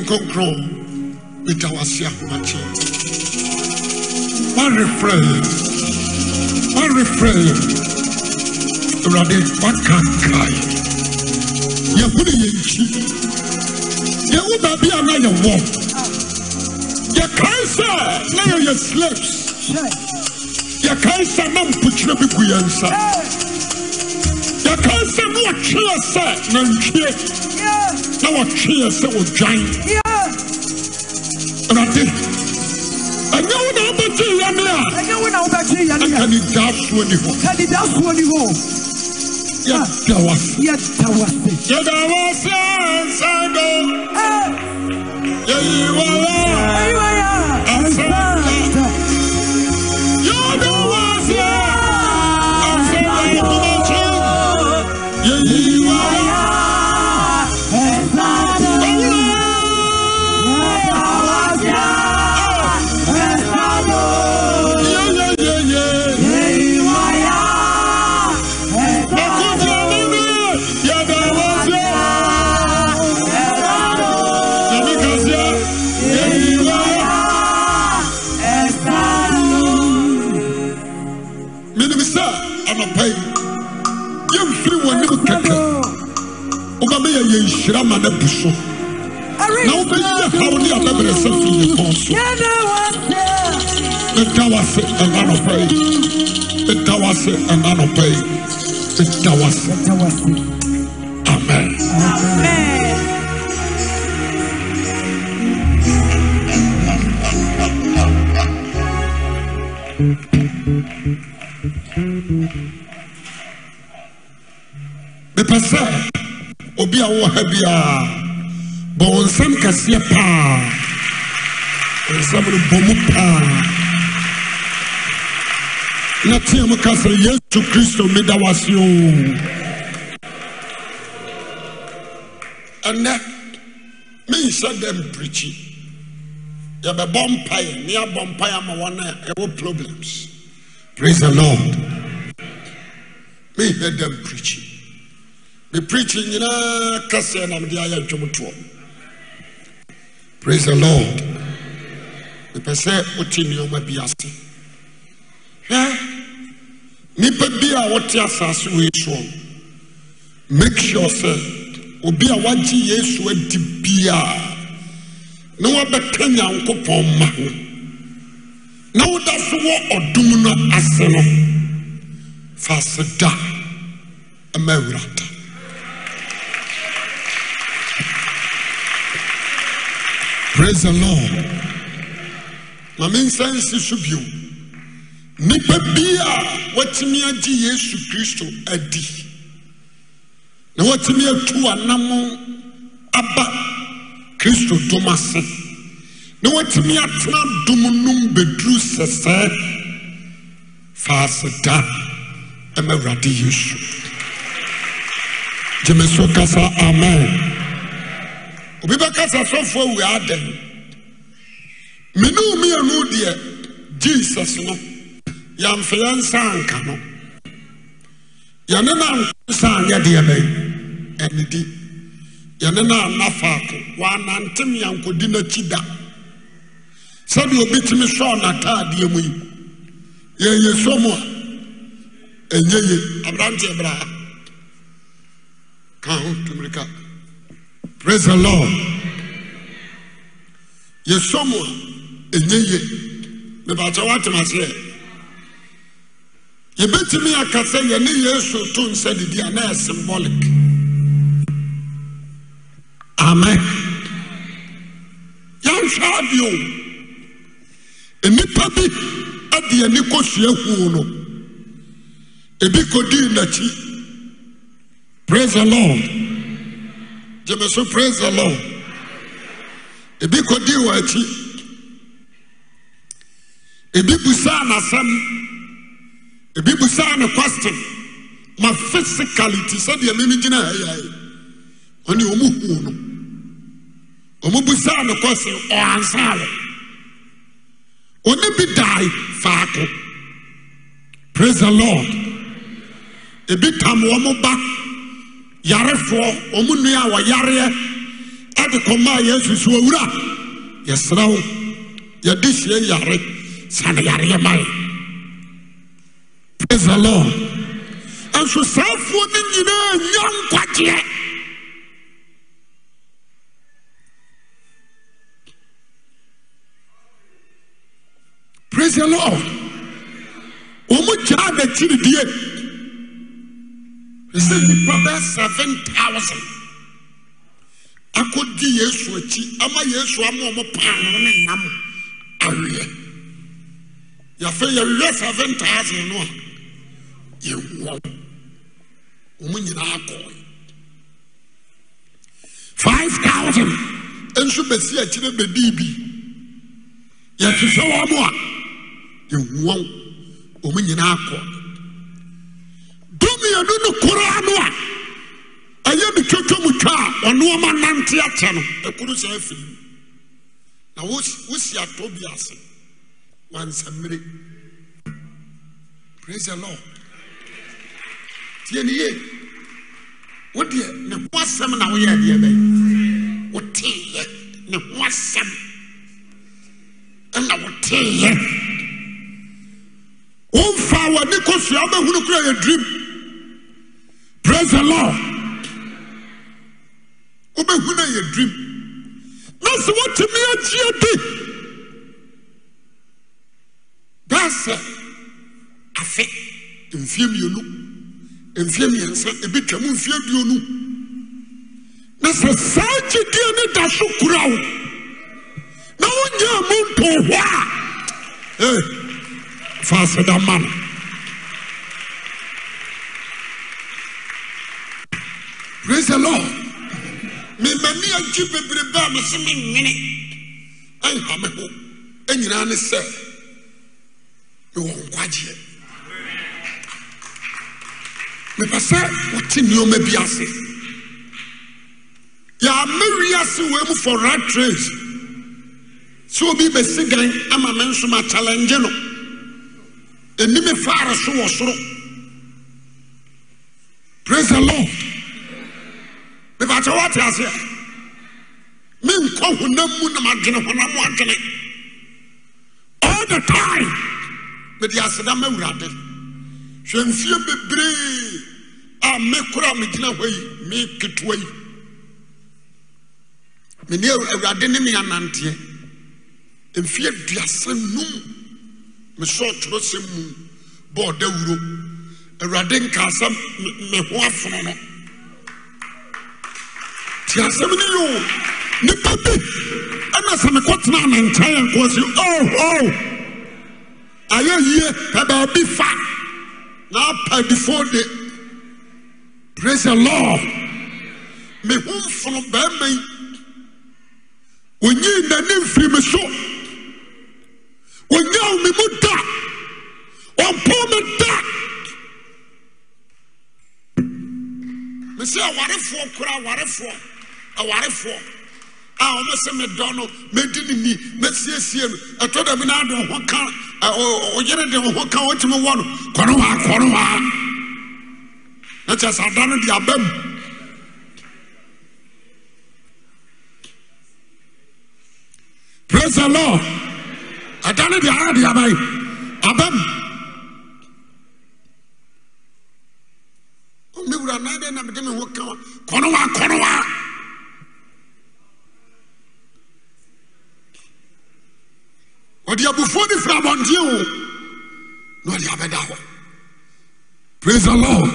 nkonkron meda wase ahomakye woarefrɛ woarefrɛ awurade woakankae yɛhune yɛnkyi yɛwo baabi a na yɛwɔ yɛkae sɛ na yɛyɛ slaves yɛkae sɛ na mpokyerɛ bi gu yɛn nsa yɛkae sɛ na ɔtweɛ sɛ nantwie na wɔtwe yɛ sɛ wɔdwan awurade ɛnyɛ wo na wobɛgye yɛne a ɛka nidaa soɔ ni hɔ yɛda wo ase yɛda wo ase nsa do yɛyi wɔ yɛ nhyira ma no bu so na wobɛyi haw ne abɛbrɛ sɛ fi ne kɔn so meda wo ase ɛna nɔpa yi meda wo ase ɛna nɔpa yi meda wo amen, amen. a wowɔ ha biara bɔ wo nsɛm kɛseɛ paa nsɛm no bɔ mu paa na teɛ mu ka sɛ yesu kristo meda wase o ɛnɛ menhyɛ dɛ mpirikyi yɛbɛbɔ mpae ne yɛabɔ mpae ama wɔn a ɛwɔ problems praise the lord menhyɛ dɛ mpirikyi bɛprich nyinaa ka sɛ namde ayɛ adwomtoɔ prais he lord nipɛ sɛ wote nneɔma bi ase ɛ nnipa bi a wɔte asaase wei suɔ no mak sur sɛ obi a woagye ye sua di bi a ne woabɛka nyankopɔn ma ho na woda se wɔ ɔdom no ase no faase da ma awurata pras e lord ma me nsa nsi so biom nnipa bi a wɔatumi agye yesu kristo adi ne wɔatumi atu anam aba kristo dom ase ne wɔatumi atena domnom beduru sɛsɛe faase da mawurade yesu gyemeso kasa amen obi bɛka sɛ sɔfoɔ wuadɛn meneomianu deɛ jesus no yɛmfeyɛ nsaanka no yɛne nanfo saa yɛdeɛ bɛ ɛne di yɛne naa nafaako wɔanantem nyankɔdi nokyi da sɛdeɛ obitumi sɛɔnataadeɛ mu yim yɛyɛso m a ɛnyɛ ye abrante brɛa ka ho tomirika pras alon yɛsomu ɛnye ye mebakyɛ woatemakyeɛ yebɛtumi aka sɛ yɛne yesu ton sɛne di ana ɛ symbolic ame yɛnhwɛadio nnipa bi adeɛni kɔsuahuu no ebi kɔdii n'akyi presalon gyeme so praise the lord ebi kɔdii wɔ akyi ebi busaa n'asɛm ebi busa ne question ma physicality sɛdeɛ mimi gyina ha yi ayɛ ɔne ɔmo hu no ɔmo busaa ne question ɔansaare ɔne bi dae faako praise the lord ebi tam wɔn ba. yarefoɔ ɔ monua a wɔyareɛ ɛde kɔmaa yɛ susuawura yɛsera wo yɛde hyeɛ yare sane yareɛ mae prase lor nso saafoɔ ne nyinaa yɔ nkwagyeɛ prse lor wɔ mo gyaaa dɛkiredie sɛ nnipa bɛ 7,000 akɔdi yesu akyi ama yesu ama ɔmo paano ne nam aweɛ yɛfɛ yɛwɛ 7,000 no a yɛwɔ ɔmo nyinaa kɔɔ 5,000 nso bɛsi akyirɛ bɛdii bi yɛhwehwɛ wɔn a yɛwɔ ɔmo nyinaa kɔɔ ɛno ne koraa no a ayɛ me twotwo mtwa a ɔnoɔma nante atyɛ no ɛkon saa afirim na wosiatɔ bi ase wansamire pras e lor ntiɛnye wodeɛ ne hoasɛm na woyɛ neɛɛ woteɛ ne hoaɛ na woteeyɛ womfaa w'ane kɔsua wobɛhu nokora yɛdrm res lr wobɛhu nu ayɛ drim na sɛ woteme agyeɛ de dasɛ afɛ mfiamienu mfiam yɛnsɛ ebi twam mfiaduonu na sɛ saa gyedee ne da so kora wo na wonyɛa muntɔ ho a faasɛ da ma no praise the lord mmemme agye bebrebe a mese me nwene ɛnha me ho ɛnyinaa e ne sɛ mewɔ nkwagyeɛ mepɛ sɛ wote nneɔma bi ase yɛama wiase wei mu for rat trace sɛ obi bɛsi gan ama me nso machallenge no ɛnim faare so wɔ soro praise the lord mefakɛ woatease a menkɔ hona mu nomagenehona mo agene all the time mede aseda m awurade hwɛmfie bebree a me kora megyina hɔ yi meketea yi meneawurade ne meananteɛ mfee duasɛ nom mesɛɔkyorɔ sɛm mu bɛɔda wuro awurade nka sɛ meho afono no tasɛm ne yo nipa bi ɛmɛ sa nekɔtenaanantae ɛnkɔɔ sɛ oo oh, oh. ayɛ yie kabaabi fa naapa difoɔ de pras a lar me ho mfono baiman onyi nnanemfiri me so onya w me mu da ɔmpow me da mesɛ awarefoɔ koraa awarefoɔ awarefoɔ a ɔmɛsɛ medɔ no mɛdi neni mɛsiesie no ɔtɔ dɛ minaadeɔ hokaɔyere de hoka ɔtim wɔ no kɔnowaa kɔnoaa natɛsɛ ada no de aba m pesw aa deɛe a m ɔmewura ana dɛ namedeme hoka a kɔnowa kɔnowaa ɔde abofoɔ de fraabɔndeɛ wo na ɔle bɛda hɔ prs e lor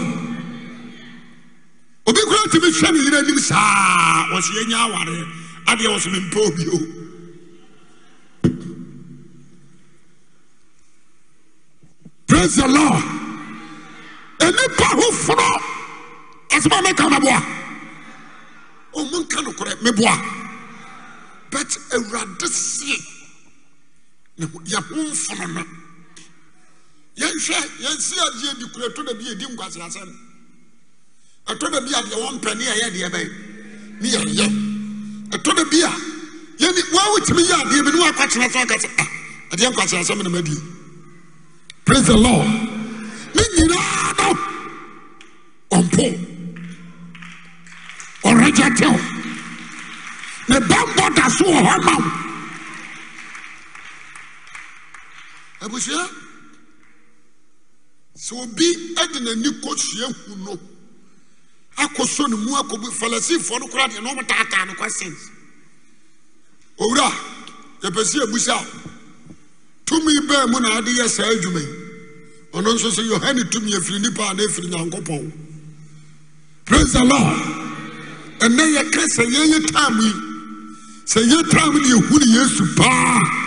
obi koraa ti mehwɛ ne yerɛ anim saa wɔso yɛanya aware adeɛ wɔsomempabio prse lor nipa hoforɔ asɛmɛ mɛka mɛboa ɔmu nka nokorɛ meboa but awurade se yɛho mfono no yɛnhwɛ di ɛtɔ dabi ɛtɔ dabi wɔn ɛtɔ dabi a yɛni yɛ bi wɔn a na ma praise the lord ne nyinaa no ɔmpo ɔrɛgya tew ne bambɔ da so wɔ hɔ ma wo. abusua sɛ obi de n'ani kɔsua hu no akɔ so ne mu akɔbu falasifoɔ no koraa deɛ na ɔmotaataa no questions owura yɛpɛ sɛ abusa tumi bɛɛ mu na ade yɛ saa adwuma yi ɔno nso sɛ yohane tumi afiri nipa a na afiri nyankopɔn praise the lord ɛnɛ you sɛ yɛyɛ me. yi sɛ yɛ me. you yɛhu ne yesu paa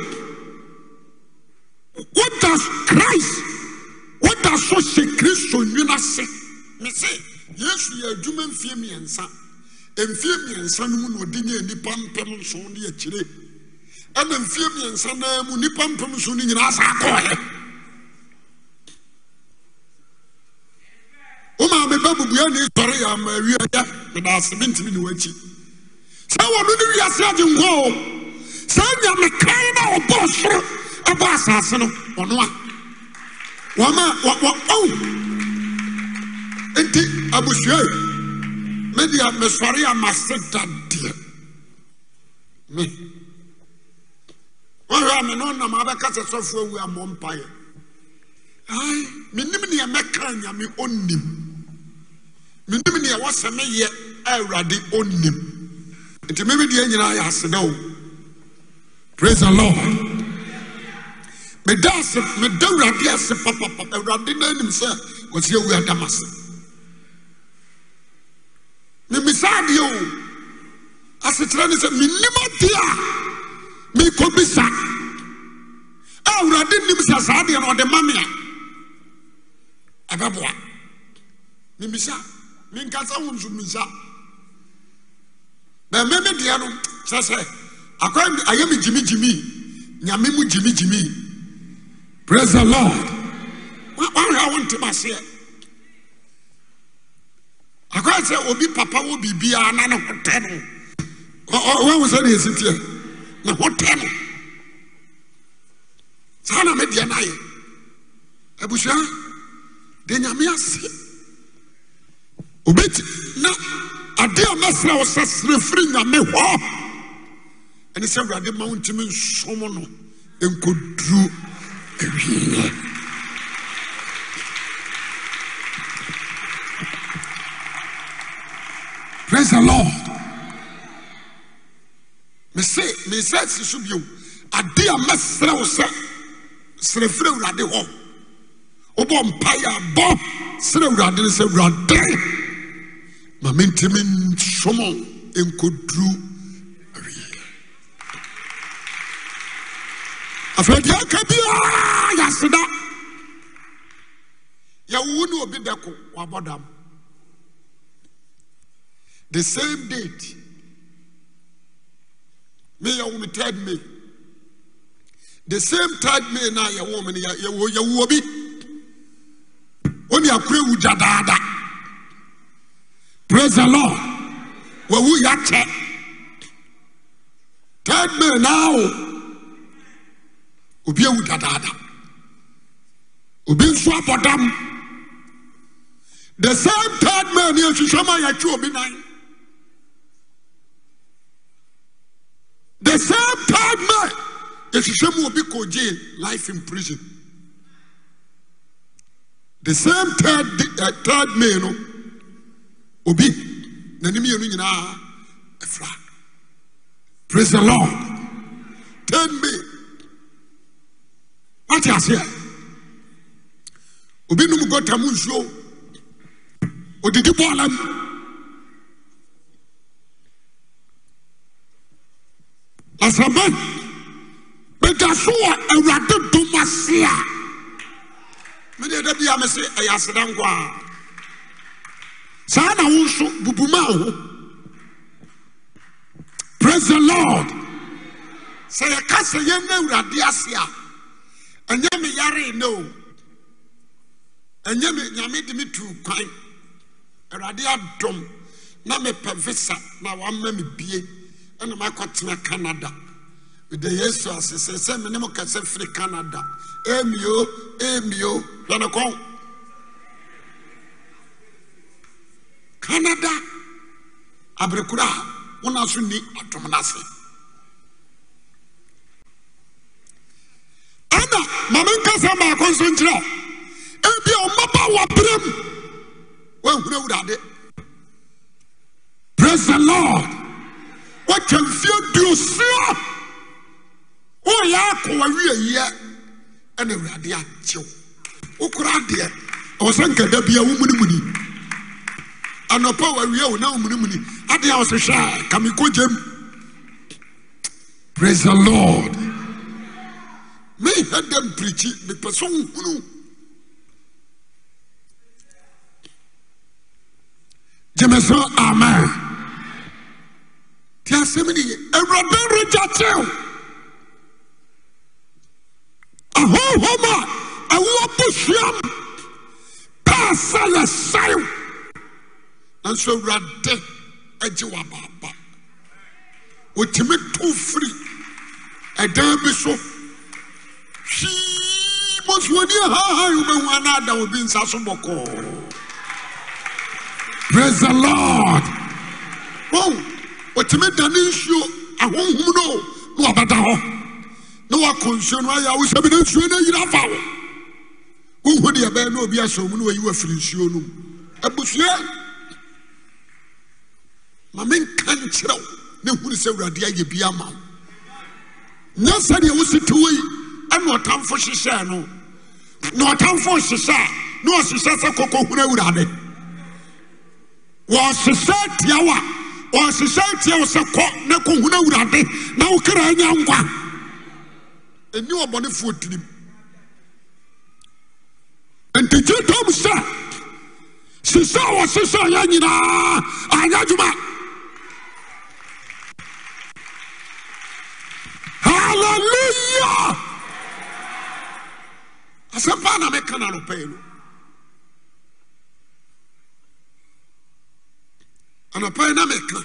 mese yesu yɛ adwuma mfie mmiɛnsa mfie mmiɛnsa no mu na ɔde nyɛ nnipa mpem nson ne akyire ɛna mfie mmiɛnsa naa mu nnipa mpem nson no nyinaa saa kɔɔyɛ wo maame bɛ bubua ne sɔre yɛ ama awie yɛ meda ase mentimi ne w'akyi sɛ wɔno ne wiase agye nkɔ o saa nyamekan na ɔbɔ soro ɛbɔ asase no ɔno a wɔma wɔ ɔw nti abusua media mesɔre a mase dadeɛ me wɔhwɛ a me ne ɔnam abɛka sɛ sɔfoɔ awu ammɔ mpaeɛ ai menim neɛ mɛka nyame ɔnnim menim neɛ wɔsɛ meyɛ a awurade ɔnnim nti memedeɛ nyinaa yɛ aseda o praise the lord meda ase meda awurade ase papapa awurade no anim sɛ wɔsi awu adam ase ne misa deɛ o asekyerɛ ne sɛ menim adeɛ a merekɔbisa a awurade nnim sɛ saa deɛ no ɔde ma me a ɛbɛboa memisa menkasa wo nso misa bɛmɛ me deɛ no kyerɛ sɛ akwan ayɛ me gyimigyimi nyame mu gyimigyimi praise the lord woahwɛ wo ntem aseɛ akɔyɛ sɛ obi papa wɔ biribiara na ne ho tɛ no wahu sɛ ne ɛsi teɛ ne ho tɛ no saa na medeɛ no ayɛ abusua de nyame ase obɛti na ade a mɛsrɛ wo sɛ serɛ firi nyame hɔ ɛne sɛ awurade ma wo ntimi nsom no ɛnkɔduru awieɛ Praise the Lord. Mese, mese si soubyou. Adi ames sre ou se. Sre frew rade ou. Ou bon paye bon. Sre w rade, sre w rade. Ma min timin choman. En kou drou. Arie. Afre di an kebi. Aaaa yasida. Ya ou nou bide kou. Wa bada m. the same date me yɛ wɔn third may the same third may na yɛ wɔn mi yɛ wɔ yɛ wɔ bi wɔn yɛ kure wu gya praise the lord wɔ wu yɛ kyɛ third may na o obi ewu Jadaada, daada obi nso abɔ the same third may ni ehwehwɛ ma yɛ twi obi nan. the same time man, yɛhwehwɛ mu obi kɔgyee life in prison the same third uh, third may no obi n'anim yɛn no nyinaa afira praise the lord third may wate aseɛ obi num gɔta mu nsuo odidi bɔɔla mu. ɔsɛmɛ meda so wɔ awurade dom ase a mede da bia me se ɛyɛ aseda nkɔ a saa na wo nso bubuma a ho praise the lord sɛ yɛka sɛ yɛna awurade ase a Enye me yaree ne o ɛnyɛ me nyame de me tuu kwan awurade adom na mepɛ visa na wama me bie ɛna makɔtena canada mede yesu ase sɛ sɛ mene mo kɛsɛ firi canada ɛmio ɛmio hwɛ kɔn canada aberekora a wona so ni atom no ase ɛna ma menka sɛ maakɔ nso nkyerɛ ebia ɔmaba wɔ berɛm woahunu awurade praise the lord atwa mfeɛ awurade akyew sɛ bia anɔpa wawie wo na adeɛ a praise the lord mehɛ mepɛ gyeme amen ti asɛm ni yɛ awurade regya kyɛw ahohom a ɛwɔ bosuam pɛɛ sɛ yɛsaew nanso awurade agye w'abaaba wɔtumi to firi ɛdan bi so hwii bosuani ahaahaa wobɛhu ana ada obi nsa so bɔkɔɔ praise the lord oh wɔtumi dane nsuo ahonhom no na wabɛda hɔ na wakɔ nsuo no ayɛ a wosɛbi na nsuo no ayira afa wo wohu deɛ ɛbɛyɛ na obi asɔ mu na wayi wafiri nsuo no mu abusua ma menka nkyerɛ wo na hunu sɛ awurade ayɛ bi ama wo nyɛ sɛdeɛ wosi te wo yi ɛna ɔtamfo hyehyɛɛ no na ɔtamfo hyehyɛ a na ɔhyehyɛ sɛ kɔkɔhunu awurade wɔhyehyɛ tia wɔahyehyɛ atia wo sɛ kɔ na kɔhunu awurade na wo kra anya nkwa ɛni ɔbɔnefoɔ tirim nti gye tom sɛ sisa wɔ sisa yɛ nyinaa anyɛ adwuma hallelujah asɛmpa na mɛka na anɔpɛi no anapa yi na mɛka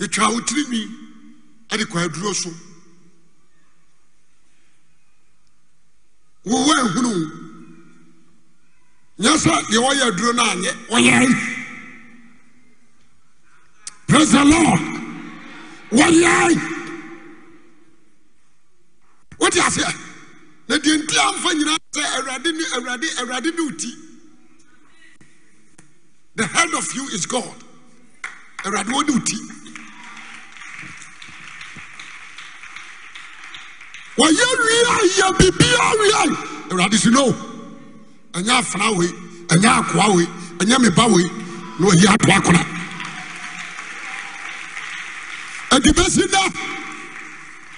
yɛtwa wo tirinwi ɛde kɔ aduro so wowɔ ahunu nyɛ sɛ deɛ wɔyɛ aduro no anyɛ wɔyɛ praise the lord wɔyɛ wote aseɛ na deɛ nti amfa nyinaa sɛ awurade ne awurade awurade ne wo The head of you is God. Eradu wɔn duty. Wɔyɛ wia yɛ bibi awia. Awurade si no. Ɛnyɛ afra wei, ɛnyɛ akoa wei, ɛnyɛ meba wei, na wɔyi ato akora. Adibe si da.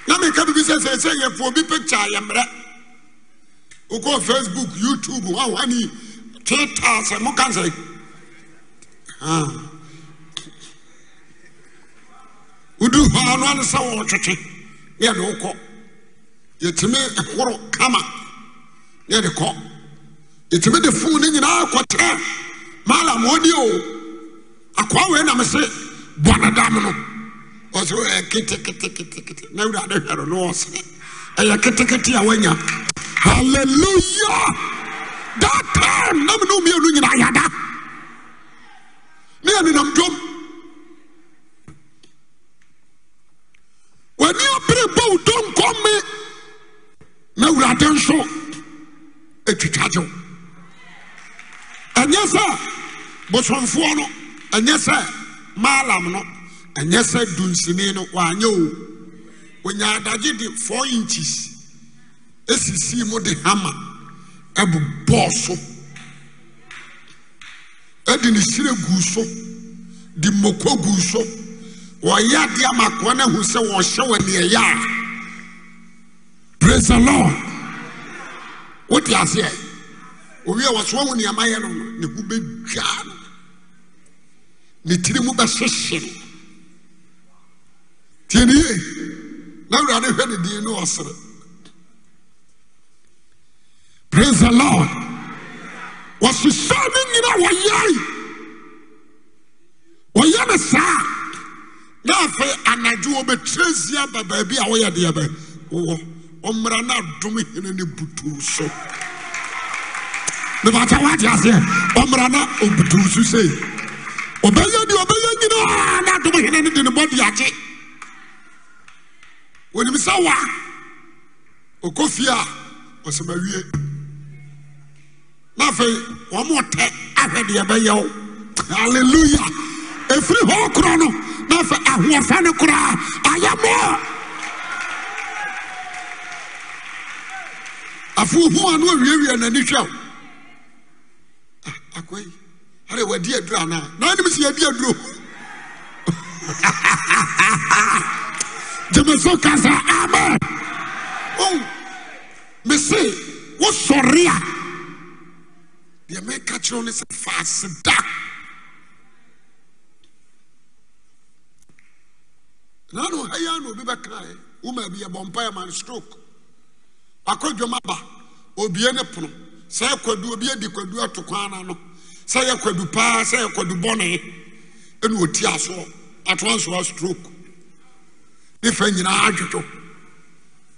Na meka bibi sɛ sɛ sɛ yɛ fo picture yɛ mmerɛ. Facebook, YouTube, wawane, Twitter, sɛ mo kan wodu hɔ ano ane sɛ wɔretwetwe ne yɛde wokɔ yɛtumi horo kama ne yɛde kɔ yɛtumi de fuu ne nyinaa kɔtɛ maalam ɔdi o akoa wei nam se bɔne dam no ɔsɛ ɛyɛ keteketekete na wurade hwɛ no na ɔsere ɛyɛ ketekete a wanya hallelujah that time na mene omienu nyinaa yɛda ne ɛninamdwom 'ani ɔbere bɔ donkɔmme na awurade nso atwitwadyew ɛnyɛ sɛ bosomfoɔ no ɛnyɛ sɛ maalam no ɛnyɛ sɛ dunsini no anyɛ o onya adagye de fo inches sisii mu de hama bobɔɔso ɛde ne hyire gu so de mmoko gu so wɔyɛ adeɛ ama akoa no ahu sɛ wɔhyɛ wɔ neɛ yɛ a praise the lord wote aseɛ owie wɔso wɔn nneɛma yɛ no ne ho bɛdwa no ne tiri mu bɛhyehye no tie ne yie na awurade hwɛ ne din ne ɔsere praise the lord ɔsesɛ ne nyina a wɔyɛe ɔyɛ ne saa na afei anadwo ɔbɛkyrɛsia ba baabi a woyɛ deɛ bɛ wwɔ ɔmmara no adom hene ne buto so nefakyɛ woate aseɛ ɔmmra na ɔbutuu so sɛ ɔbɛyɛ di ɔbɛyɛ nyinaa naadom hene no de ne bɔ di agye ɔnim sɛ woa ɔkɔfie a ɔsɛm awie na afei wɔmɔtɛ ahwɛ deɛ ɛbɛyɛ wo halleluya ɛfiri hɔ korɔ no na afei ahoɔfa no koraa ayɛ mɔɔ afoɔhu a no awiawia n'ani hwɛ wo akɔyi ɛrɛ wadi aduro anaa n'anim si yadi aduro jɛmɛso kasa amen o oh, mesi wosɔre a. Ah? deɛ mɛka kyerɛ no sɛ faase da na no ha yi a na obi bɛkaeɛ woma bi yɛbɔ mpa yɛ man stroke akɔdwom aba obie ne pono sɛ ɛkwadu obi adi kwadu ato kwan na no sɛ yɛ kwadu paa sɛ yɛ kwadu bɔne ɛna ɔti asoɔ atoa nsoa stroke ne fa nyinaa adwodwo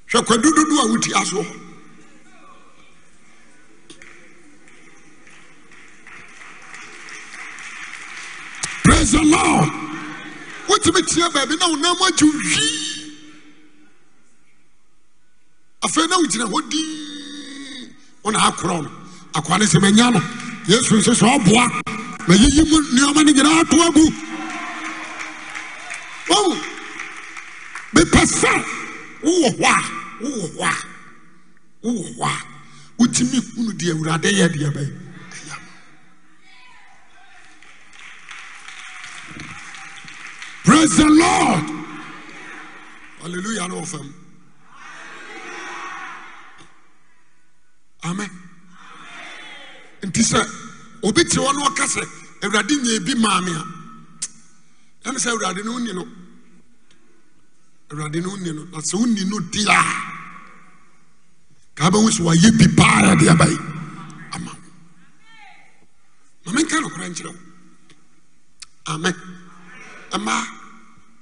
hwɛ kwadu dodo a woti asoɔ wotumi kea baabi na wonam agye wowii afei ne wogyina hɔ din wonaakorɔ no akwa ne sɛ bɛanya no yeɛsu sɛ sɛ ɔboa mayɛyi m nneɔma no yenaatoabu bɛpɛ sɛ wowɔ hwoɔhɔ awowɔ hɔ a wotumi hunu de awurade yɛ deɛbɛi Praise the Lord. Hallelujah. No offense. Amen. Nti sɛ obi te hɔ na ɔka sɛ awurade ebi maame a ɛmu sɛ awurade no ni no awurade no ni no na sɛ oni no di a kaa bɛ wusu wayɛ bi paa yɛ de yi ama maame nka no kora amen mmaa.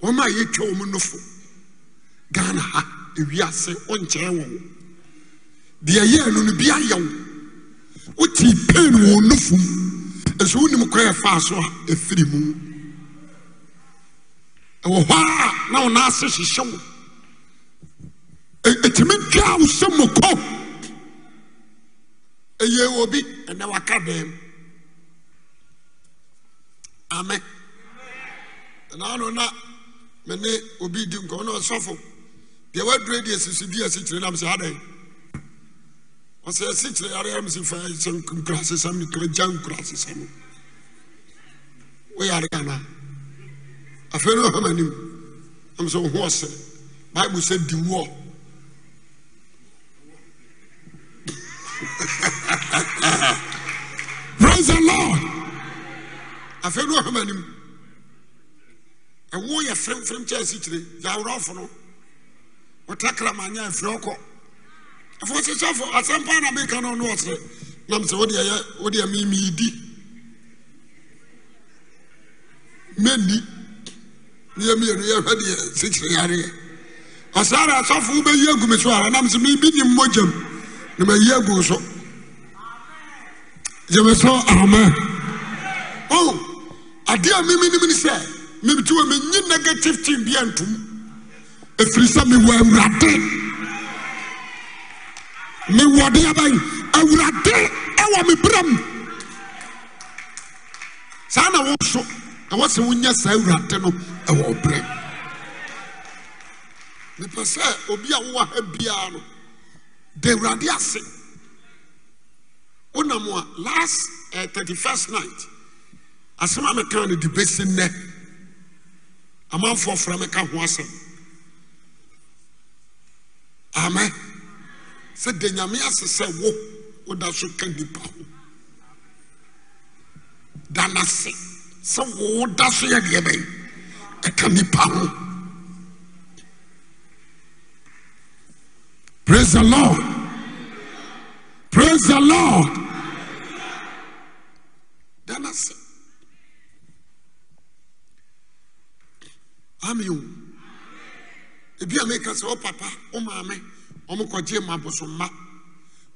womaa yɛtwa wo m nofo ghana ha awiase wonkyɛe wɔ wo deɛ yɛ no no bi ayɛ wo wote pee n wɔ nofom ɛsɛ wonim kɔɛ faa so a afiri mu ɛwɔ hɔ aa na wonaase hyehyɛ wo ɛtumi e, twaa wo sɛ muko ɛyɛ wɔ bi ɛnɛ waka daɛn amɛ naano na me ne obi di nkɔmɔ na ɔsɔfo deɛ wadure deɛ sisi di asikyire nam sɛ adan ɔsɛ asikyire yare yam si fa sɛ nkura sesam ne gya nkura sesam woyare kana afei no ɔhama nim nam sɛ ɔho ɔsɛ baibu sɛ di wɔ praise the lord afei no ɔhama nim. ɛwo yɛ firifiri kyɛ asikyire yɛaworɔfo no wɔtakra ma afiri ɔkɔ ɛfo hyehyɛfo asɛm paa na meka no ne ɔserɛ nam sɛ wode ɛyɛ wode ɛme mɛni ne yɛ mmienu yɛhwɛ deɛ sikyire yareɛ ɔsaa asɔfo wobɛyi agu me so ara nam sɛ mebinim mɔ gyam na mayi agu so gyeme so ahoma o oh, adeɛ a mimi nim ne sɛ mebiti wɔ menyi negative team bi antom ɛfiri sɛ mewɔ awurade mewɔde aban awurade ɛwɔ me berɛm saa na wɔso ɛwɔ sɛ wonyɛ saa awurade no ɛwɔ berɛm mepɛ sɛ obi a wowɔ ha biara no da awurade ase wonam a last 31st eh, night asɛm a meka de bɛsi nnɛ Amanfo from me ka ho asɛm amen sɛ de nyame ase wo woda so ka nnipa ho da nase sɛ wo woda so yɛ deɛ bɛyi ɛka ho praise the lord praise the lord da o ebi a meka sɛ ɔpapa oh, ɔmaame ɔmokɔgye ma bosomma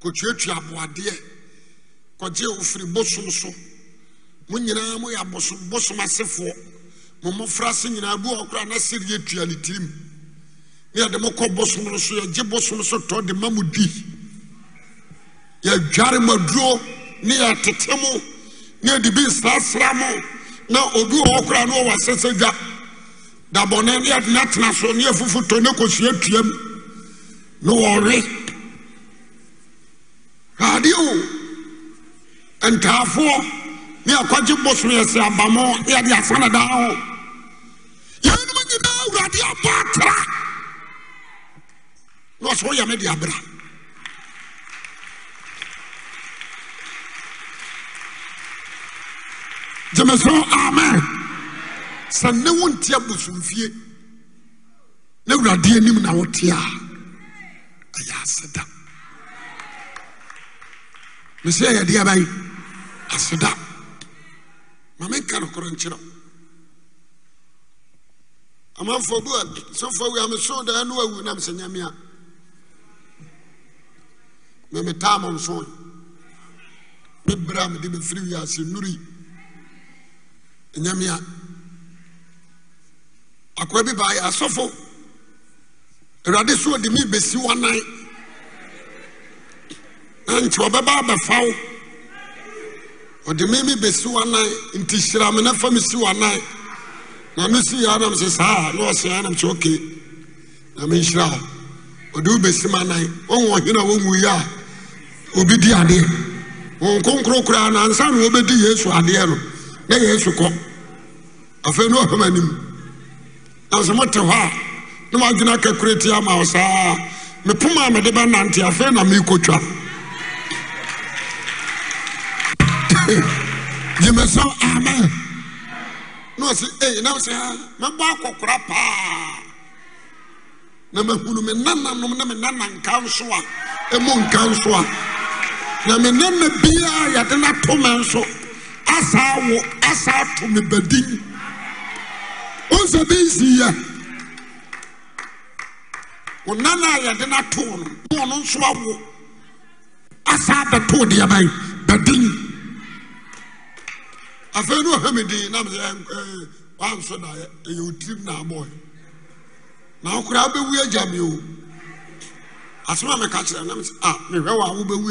kɔtuatua aboadeɛ kɔgye ofiri bosom so mo nyinaa moyɛ abosom bosom asefoɔ mo mmɔfra se nyinaa bi wɔ koraa na sereɛ tua ne tirim ne yɛde mokɔ bosom no so yɛgye bosom so tɔ de ma mo di yɛdware maduro ne yɛtete mo ne yɛde bi nsrasra mo na obi wɔ koraa na ɔwɔ asɛsɛ gya da bɔne ne yɛde neatena so ne yɛfofotɔ ne kɔsuatuam ne wɔre hadeo ntaafoɔ ne yɛkɔgye bo so yɛsɛ abamɔ ne yɛde asa ne dao yɛnom anyinaa awuradeɛ abaatra ne ɔsɛwoyɛ mede abra geeso amen sɛ nne wu ntia bosomfie ne wuradeɛ anim nawotea ayɛ aseda mesɛ yɛdeabaye aseda ma menka nɔkrɔ nkyerɛ o amamfb sɛmf amesoe daanoawu na me sɛ nyamea memeta mɔ nso bɛbrɛ a mede bɛfiriwiasɛ nuri nyamea akɔrɔ bi baa asɔfo awurade so ɔde mi besi wanan na nti ɔbɛba abɛfa wo ɔde mi mi besi wanan nti hyira na fam si wanan na mi si yɛ anam sɛ saa na ɔsɛ anam sɛ ɔke na mi nhyira wo ɔde wo besi ma nan wɔn wɔn hena wɔn wu yia obi di adeɛ wɔn nkonkoro na ansa na wɔbɛdi yesu adeɛ no na yesu kɔ afei na ɔhɛm anim. nanso mote hɔ a na ne wadwena kakurati ama wo saa mepoma a mede bɛnante afei na merekɔtwa gyeme sɛ amen na ɔse ei nam sɛ mɛbɔ akɔkora paa na mahunu me nananom na me nana nka nso a ɛmu nka nso a na me nana biara yɛde no ato me nso asaa wo asaa to me badin ɔnsɛ bɛnsi yɛ wo a yɛde no too no too no nso awo asaa bɛtoo deɛ bɛn bɛdin afei ne ɔhɛ me din na mesɛ wanso ɛyɛ otirim na abɔe na wokoraa bɛwu agya me o asɛm a kyerɛ na mesɛ a wɔ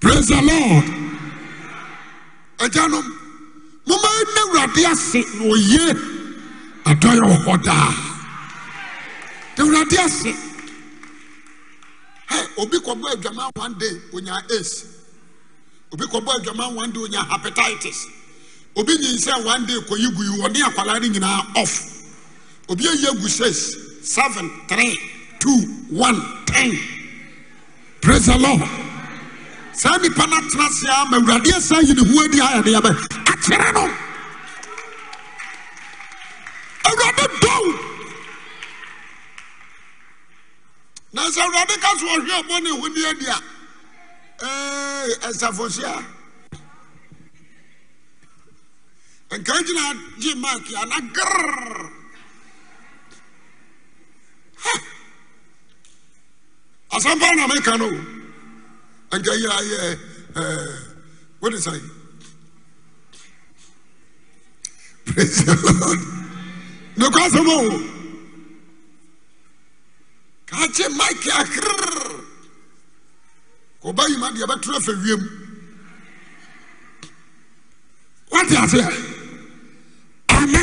praise the lord agyanom momma na awurade ase na oye adɔyɛ wɔ hɔ daa na awurade ase hey, obi kɔbɔ adwaman one day onya ace obi kɔbɔ adwaman one day onya hepatitis obi nyinsɛn one day kɔyi gu yi wɔne akwalaa no nyinaa off obi eyi egu six seven three two one ten praise the lord. saa nnipa notena aseɛ maawurade asa yi neho adi ayɛdeabɛ akyɛrɛ no awurade o nansɛ awurade ka so ɔhwɛ ɔbɔ ne hone adi a asafosia nka gyinaa gye makia nagr asam paanameka no nkayirayɛ wedesay nekasɛ m kakyɛ mkakr ɔba yimadiabɛtraafa wiɛm wotiasɛɛ amɛ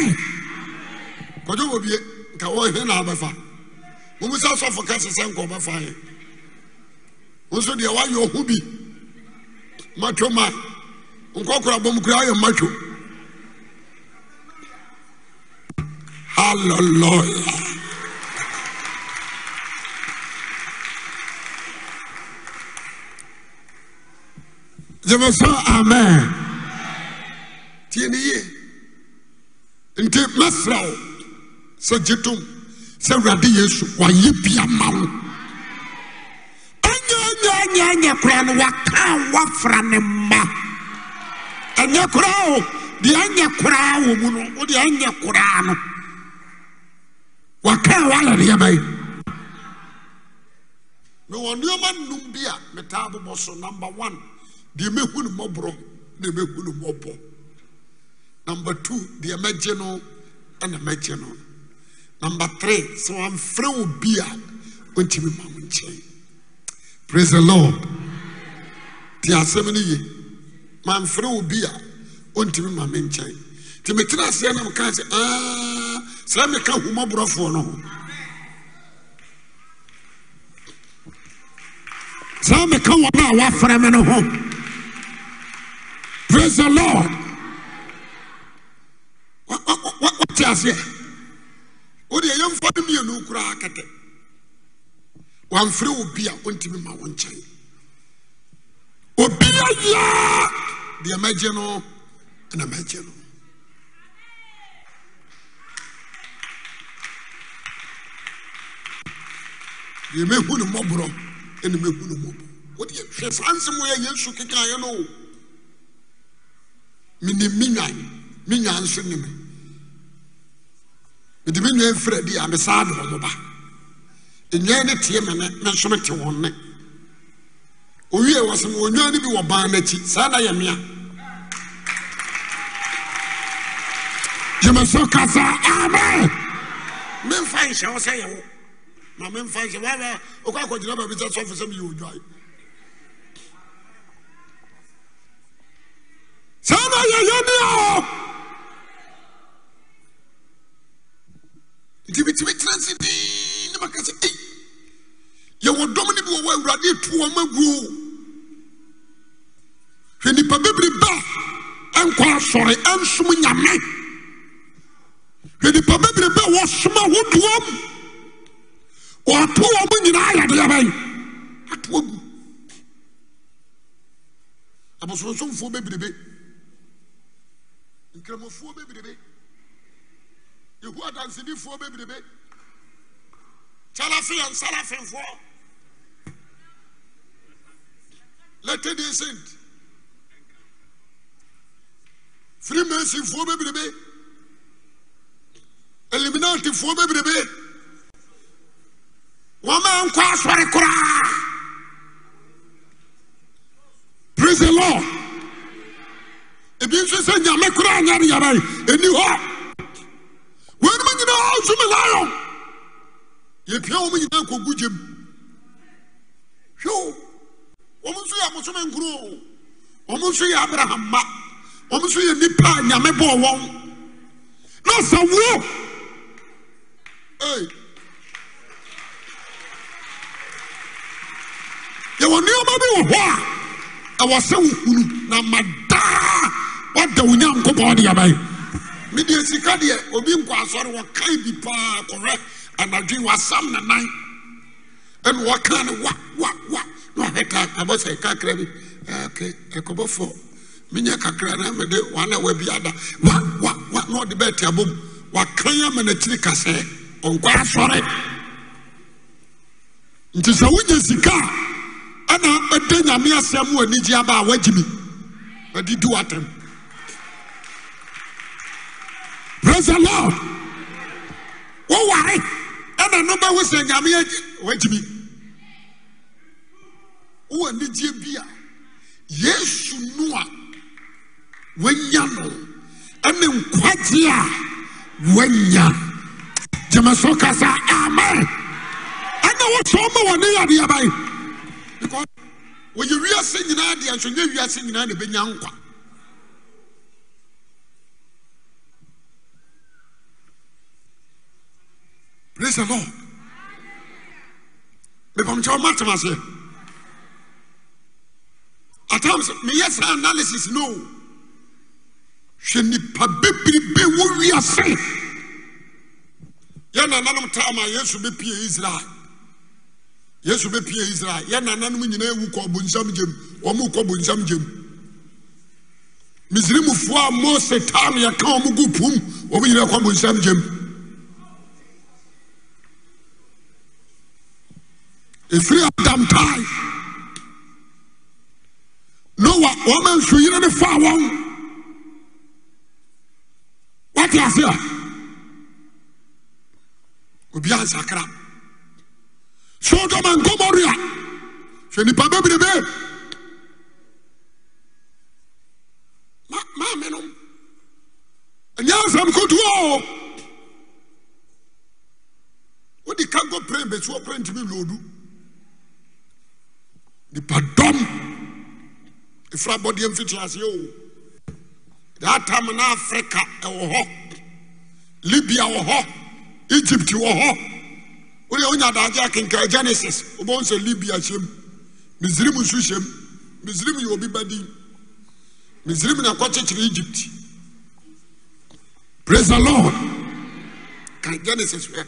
kɔdɔbɔbie nkawɔhɛnabɛfa momʋsɛ sɔfɔ kasɛ sɛnkɔɔbɛfayɛ so deɛ woayɔ ɔho bi matwom a nkɔkorabɔmkoraa ayɛ matwo yemɔso ama tieneyie nti mɛsrɛw sɛ gyitom sɛ wurade yɛ so wayɛ bia ma wo nyɛnyɛ kora no wɔka wɔfra ne ma. ɛnyɛ koraa o deɛ ɛnyɛ koraa o mu no wode ɛnyɛ koraa no wɔka wɔayɛdeɛ bɛyɛ mewɔ nneɛma nnum bi a metaa bobɔ so number one deɛ mɛhu no mmɔborɔ na mɛhu no mmɔbɔ number two di mɛgye no ɛna mɛgye no number three so wamfrɛ wo bi a ɔntimi ma wo nkyɛn praise the lord te asɛm no ye mamfrɛ obi a ɔntumi ma me nkyɛn nti metena aseɛ nam kaa sɛ ah, sɛ meka homɔborɔfoɔ no ho sɛ meka wɔn a wɔafrɛ me no ho praise the lord wote aseɛ wodeɛ yɛmfa no mmienu koraa kɛtɛ wamfiri obi a ontimi ma wo nkyɛn obi ayia deɛ mɛgye no na mɛgye no deɛ mɛhu no. mmɔborɔ ɛna mɛhu ne mmɔbɔ wodeɛ hwɛ saa nsɛm yɛ yesu kekaeɛ no o menim me nwan me nwan nso ne me mede me nwan mfiri adi a mesaa de ɔmo ba nnwan no tie me ne ne nso mete wo nne owie wɔ so no onwan no bi wɔ ban n'akyi saa na yɛ mmea gyeme kasa amen memfa nhyɛ wo sɛ yɛ wo ma memfa nhyɛ woaba wokɔ akɔgyina baabi sɛ sɔfo sɛ meyɛ odwae saa na yɛyɛ bia hɔ nti metumi tena dii ne makasɛ ei yɛwɔ dɔm no bi wɔwɔ awurade etu wɔn aguo hwɛ nipa bebree ba ɛnkɔ asɔre ɛnsom nyame hwɛ nipa bebree ba wɔsom ahodoɔm wɔato wɔn nyinaa yɛde yɛbɛn ato agu abosonsomfoɔ bebrebe nkramofoɔ bebrebe ehu adansinifoɔ bebrebe kyalafin yɛn salafin foɔ. lete desend fremansyn fuɔ bebrebe eliminantefuɔ bebrebe wamaankɔ asɔre koraa prese e lord bi nso sɛ nyame kora nyareyara ani hɔ wanema nyina somelayɔ yɛpia wɔmo nyina nkɔgu gyem hwɛ wɔn nso yɛ abosome nkuro wɔn nso yɛ abraham ma wɔn nso yɛ nipa nyame bɔ wɔn na ɔsa wuro ee nneɛma bi wɔ hɔ a ɛwɔ sɛ wohunu na ma daa wɔda wo nyankopɔn de yɛbɛyɛ medeɛ sika deɛ obi nkɔ asɔre bi paa ahta abɔ sɛ kakra bi ah, k ɛkɔbɔfɔ minya kakra namede wana wabi ada w na ɔde bɛati abɔ mu wakan manakiri kasɛɛ ɔnkwara sɔre nti sɛ wonya sika a ɛna ɛde nyame asɛm wanigyi aba a w'agyimi ade di watm prese lord wo ware ɛna no bɛhu sɛ nyame wagyimi wo anigye bi a yesu no a wanya no ɛne nkwagye a wanya gyamaso kasa amen ɛna wɔsɔ ma wɔ ne yadeɛ ban because wɔyɛ wiase nyinaa deɛ nso nyɛ wiase nyinaa na ɛbɛnya nkwa praise the lord mepɔmkyɛ wɔmatem aseɛ at times meyɛ saa analysis no hwɛ nipa bebrebe wɔ wiase yɛn nananom taama yesu bepie israel yesu bepie israel yɛn nananom nyinaa ewu kɔ bonsam gyem wɔn kɔ bonsam gyem misirimufoɔ a mose taama ya ka gu gupum wɔn nyinaa kɔ bonsam gyem efiri adam taa. nowa woma nso yira ne faa wɔn wateasea obiansakra so dɔm ankɔbɔrea sɛ nipa bobirebe maamenom ɛnyaasam koduoo wodi kanko pren besuo kora ntimi lodu nipadɔm ɛfiri abɔdeɛ mfiti aseɛ o that time na africa ɛwɔ hɔ libya wɔ hɔ egypt wɔ hɔ wodeɛ wonya adagye akenka genesis wobɛhu sɛ libya hyɛm misrim nso hyɛm misrim yɛ obi badin misrim na kɔkyekyere egypt praise the lord ka genesis hwɛ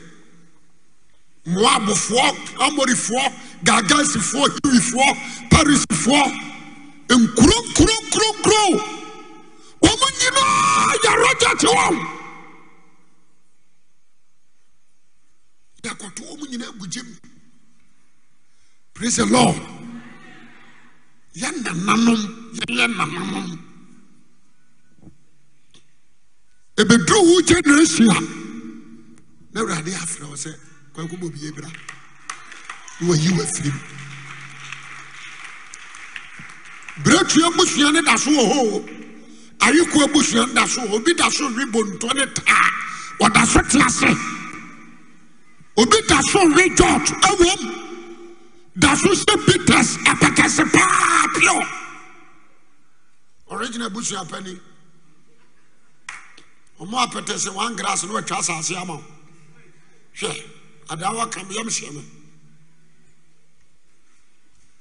moabfoɔ amorifoɔ gargasifoɔ hiwifoɔ parisfoɔ nkuro nkuro nkuro nkuro wɔn nyinaa yɛ rɔgya te wɔn yɛkɔto wɔn nyinaa gu gyem praise the lord yɛ nananom yɛyɛ nananom ebeduru wo generation a na awurade afrɛ wo sɛ kwankobɔ bie bra na wɔyi wɔ afiri mu beretua busua ne da so wɔ hɔ ayekoa busua ne da so obi da so we bontoɔ ne taa ɔda so tena se obi da so we george ɛwɔm da so sɛ peters apɛkɛse paa pio original busua pani ɔmo apɛtɛ sɛ one grass ne wɔatwa asase ama wo hwɛ adaa wɔka me yɛmhyɛ me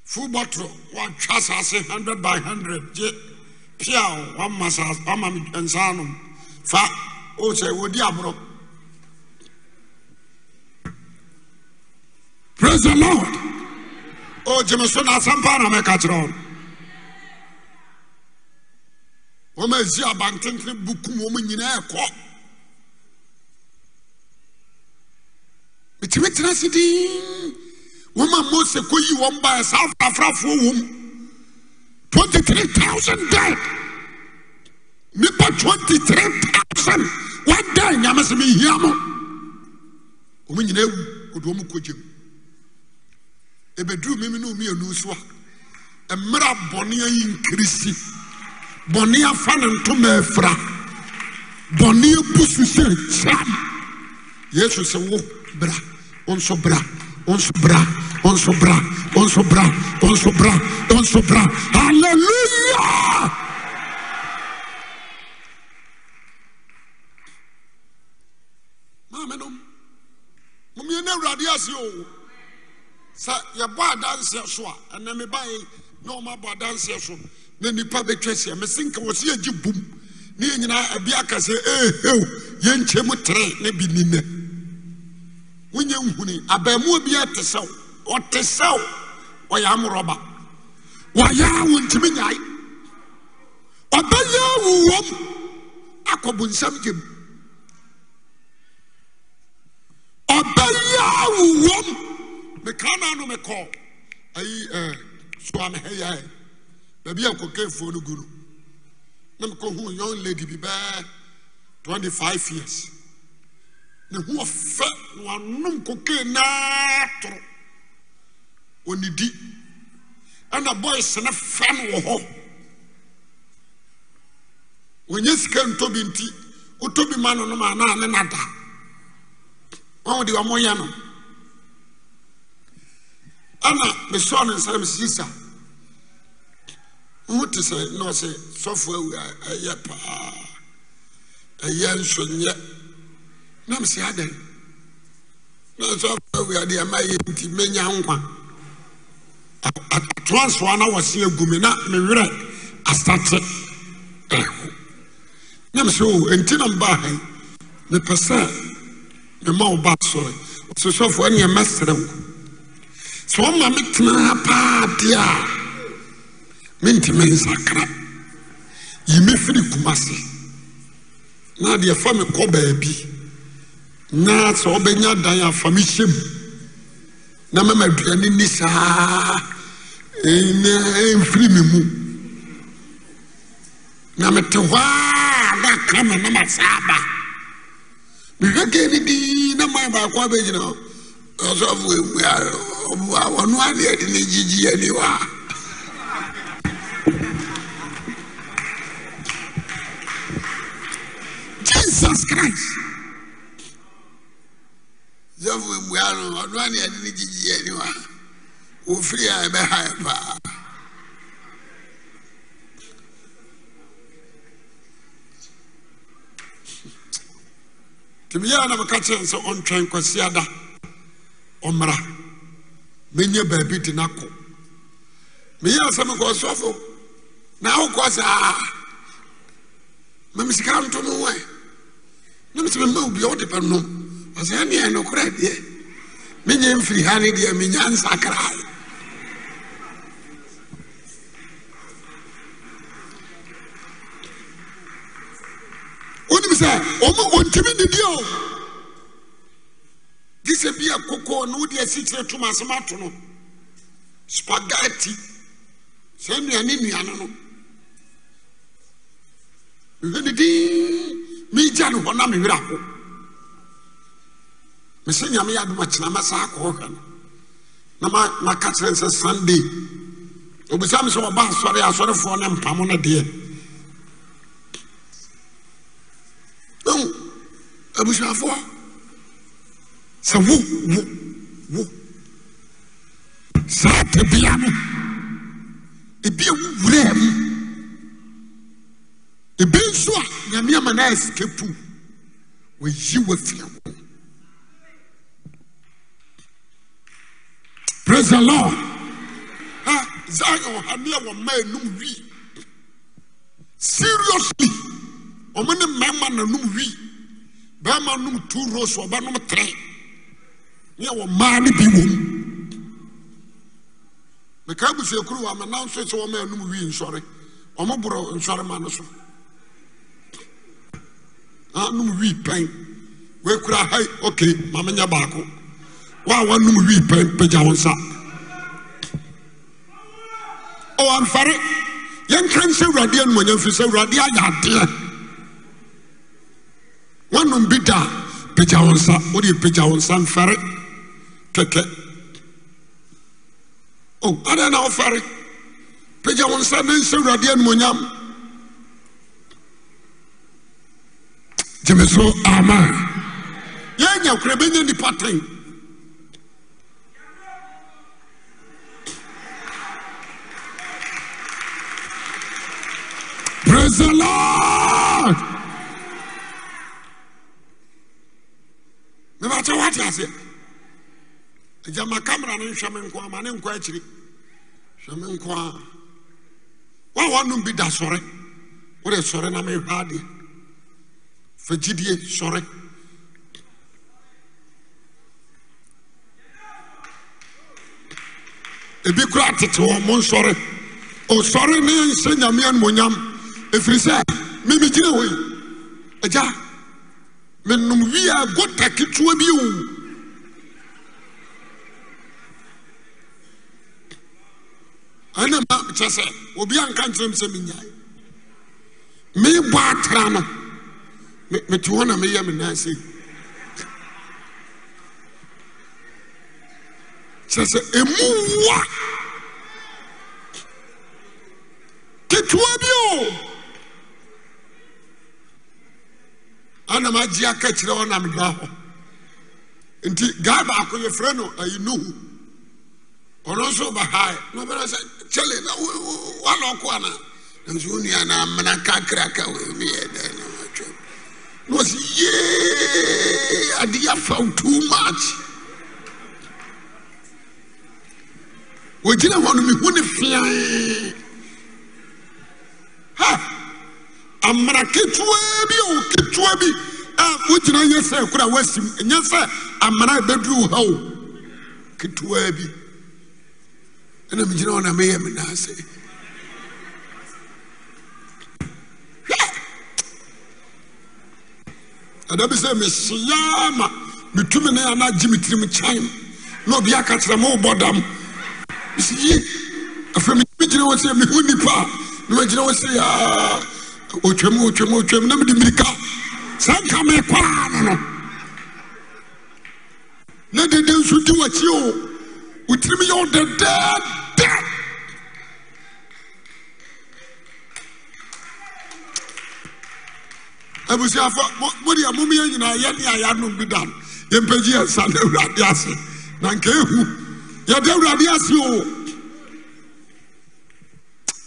full bottle one chas has a hundred by hundred je Pia, one masas ama nsanum fa o oh, se wodi abro praise the lord o oh, me so na sampa na me ka o ma zi abantenten bukum o mu nyina ekọ bitimi wọ́n a Mose kò yí wọ́n ba ẹ̀ sáà afrafoɔ twenty three thousand dead nípa twenty three thousand wọ́n dẹ́ ẹ̀yàmẹ́sẹ̀ mi hìá mọ́ wọ́n nyina ewu odò wọ́n kọ́ gyem ebeduru mímu ní omi ẹnu so a mmerɛ bɔnne ayi nkirisi bɔnne afa ne ntoma efra bɔnne ebusu sɛ nkyɛn yesu sɛ wo bra wɔn nso bra. maa menom momɛ ne awurade ɛase oo sɛ yɛbɔ adanseɛ so a ɛna meba e ne ɔmabɔ adanseɛ so ne nipa bɛtwaseɛ mesenka wɔ so yɛgye bo m ne yɛnyinaa abika sɛ ee yɛnkyɛm terɛ ne bi nnina wonye nhuni abaamuwa bi ate sɛw ɔte sɛw ɔyɛ amorɔba wɔyɛ wo ntumi nyae ɔbɛyɛ wo wɔm akɔbu nsɛm gyem ɔbɛyɛ wɔm no meko. ayi ɛɛ eh, soamehɛyɛɛ baabi a nkɔkɛfoɔ no gu no na young lady bi bɛɛ 25 years ne ho ɔfɛ na wanom kokee naa toro ɔnidi ɛna boys ne fɛ no wɔ hɔ wɔnyɛ sika ntɔ bi nti wotɔ bi ma no nom anaa ne nada wɔn de wɔn yɛ no ɛna mesɔɔ ne nsa mesisi sa ho te sɛ na ɔsɛ sɔfo awu ɛyɛ paa ɛyɛ nso nyɛ na msi adɛn na nso awurade ama yɛ nti menya nkwa atransfoɔ na wɔse agu me na mewerɛ asate ɛho nam msi o nti na mbaa ha mepɛ sɛ mema wo ba sɔre ɔsosɔfoɔ neɛ mɛsrɛ wo sɛ ɔma metena ha paa deɛ a mentimi nsakra yi me firi kuma se na deɛ fa me kɔ baabi na sɛ ɔbɛnya dan afa me hyɛm na mɛma aduane ni saa na me mu na mete hɔ a na me na masaa ba mehwɛ kee ne dii na maa baako abɛgyina ɔsɔfo emu ɔno adeɛ de ne gyigyi ani hɔ Jesus Christ. sɔfo ebua no ɔno ani ɛde ne gyigyi aniwa wofiri a na bɛka kyerɛ sɛ ɔntwɛn kwasi ada ɔmmra menye baabi di n'akɔ meyɛ sɛ mekɔ sɔfo na awokɔ saa mɛm sika nto no mema wo bia wode bɛnom ɔsɛ ɛneɛ nokorɛ deɛ menye mfiri ha ne deɛ menya nsakrae wonim sɛ ɔma ɔntimi ne bio gye sɛ bi a kokoo na wode asikyerɛ tom asɛm ato no spagati saa nnuane nnuane no mehwɛ ne din megya ne hɔ na mewerɛ mesɛ nyame yɛ adom akyenama saa kɔɔ hwa no na maka kyerɛ sɛ sunday obisaame sɛ wɔba asɔre asɔrefoɔ ne mpa mo no deɛ abusuafoɔ sɛ wowowo saa tebea no bia wowuraame ɛbi nso a nyame ama ne aasika pu wɔayi wafirɛ ho praise the lord zion ha ne wọ mma mmaa enum wi seriously wɔn ne mmarima nanum wi barima num two rows ɔba num three ne yɛ wọ mmaa ne bi wɔm mekaa busuakuru wɔ amena nso sɛ wɔn a enum wi nsɔre wɔn borɔ nsɔre ma no so anum wi pɛn wɔakura ha okay maame nya baako. woaano iiɛ aa nsa ɔwɔ mfare yɛnkra n sɛ wuradeɛ anomɔnyam fii sɛ awuradeɛ ayɛ adeɛ wanom bi daa pagya wo nsa wodeɛ pagya wo nsa mfare kɛkɛ oh, aden na wofare pagya wo sa ne nsɛ wurade anomɔnyam gemeso amaa yɛ nya kara bɛnya nnipɔ ten Praise the Lord. mebakyɛ woate aseɛ agya ma kamera no nhwɛ me nko a ma ne nkɔ me nko a woawanom bi da sɔre wode sɔre na mehwɛ adeɛ fa gyidie sɔre ebi kura tete wɔn mo nsɔre osɔre ne nhyɛ nyame animonyam ɛfiri sɛ memegyire hɔi agya menom wiea gota ketewa bio ana kyɛ sɛ obi anka nterɛm sɛ menya mebɔatra no mete hɔna meyɛ menaasei kyɛ sɛ muwoa ketewa bio ana m agye aka kyerɛ ɔnam da hɔ nti gaa baako yɛfrɛ no ayi nuhu ɔno nso ba hae na ɔbɛrɛ sɛ kyɛle na wala ɔko ana nanso wo nua na amena kakraka dɛ na matwam na ɔsi yee ade afa wo too much wɔgyina hɔ no mehu ne feae ha amara ketewa bi o ketewa bi a wogyina yɛ sɛ kora wasi m ɛnyɛ sɛ amara bɛduru ha o ketewa bi ɛna megyina hɔ na meyɛ mi naase ɛda bi sɛ mehyeyaa ma metumi ne na gye me tirim kyɛn na obi aka kyerɛ ma wobɔ dam mesi yi afei megyina hɔ sɛ mi nnipa a na magyina hɔ sɛ yaa otwam otwam otwam na di mirika saa nka mekɔraa no no na dede nso di w'akyi o wo tirim yɛ wo dɛdɛɛdɛ abusuafo mode a momyɛ nyinaa yɛne a yɛanom bi da no yɛmpɛgye yɛ nsa na awurade ase na nka ɛhu yɛde awurade ase o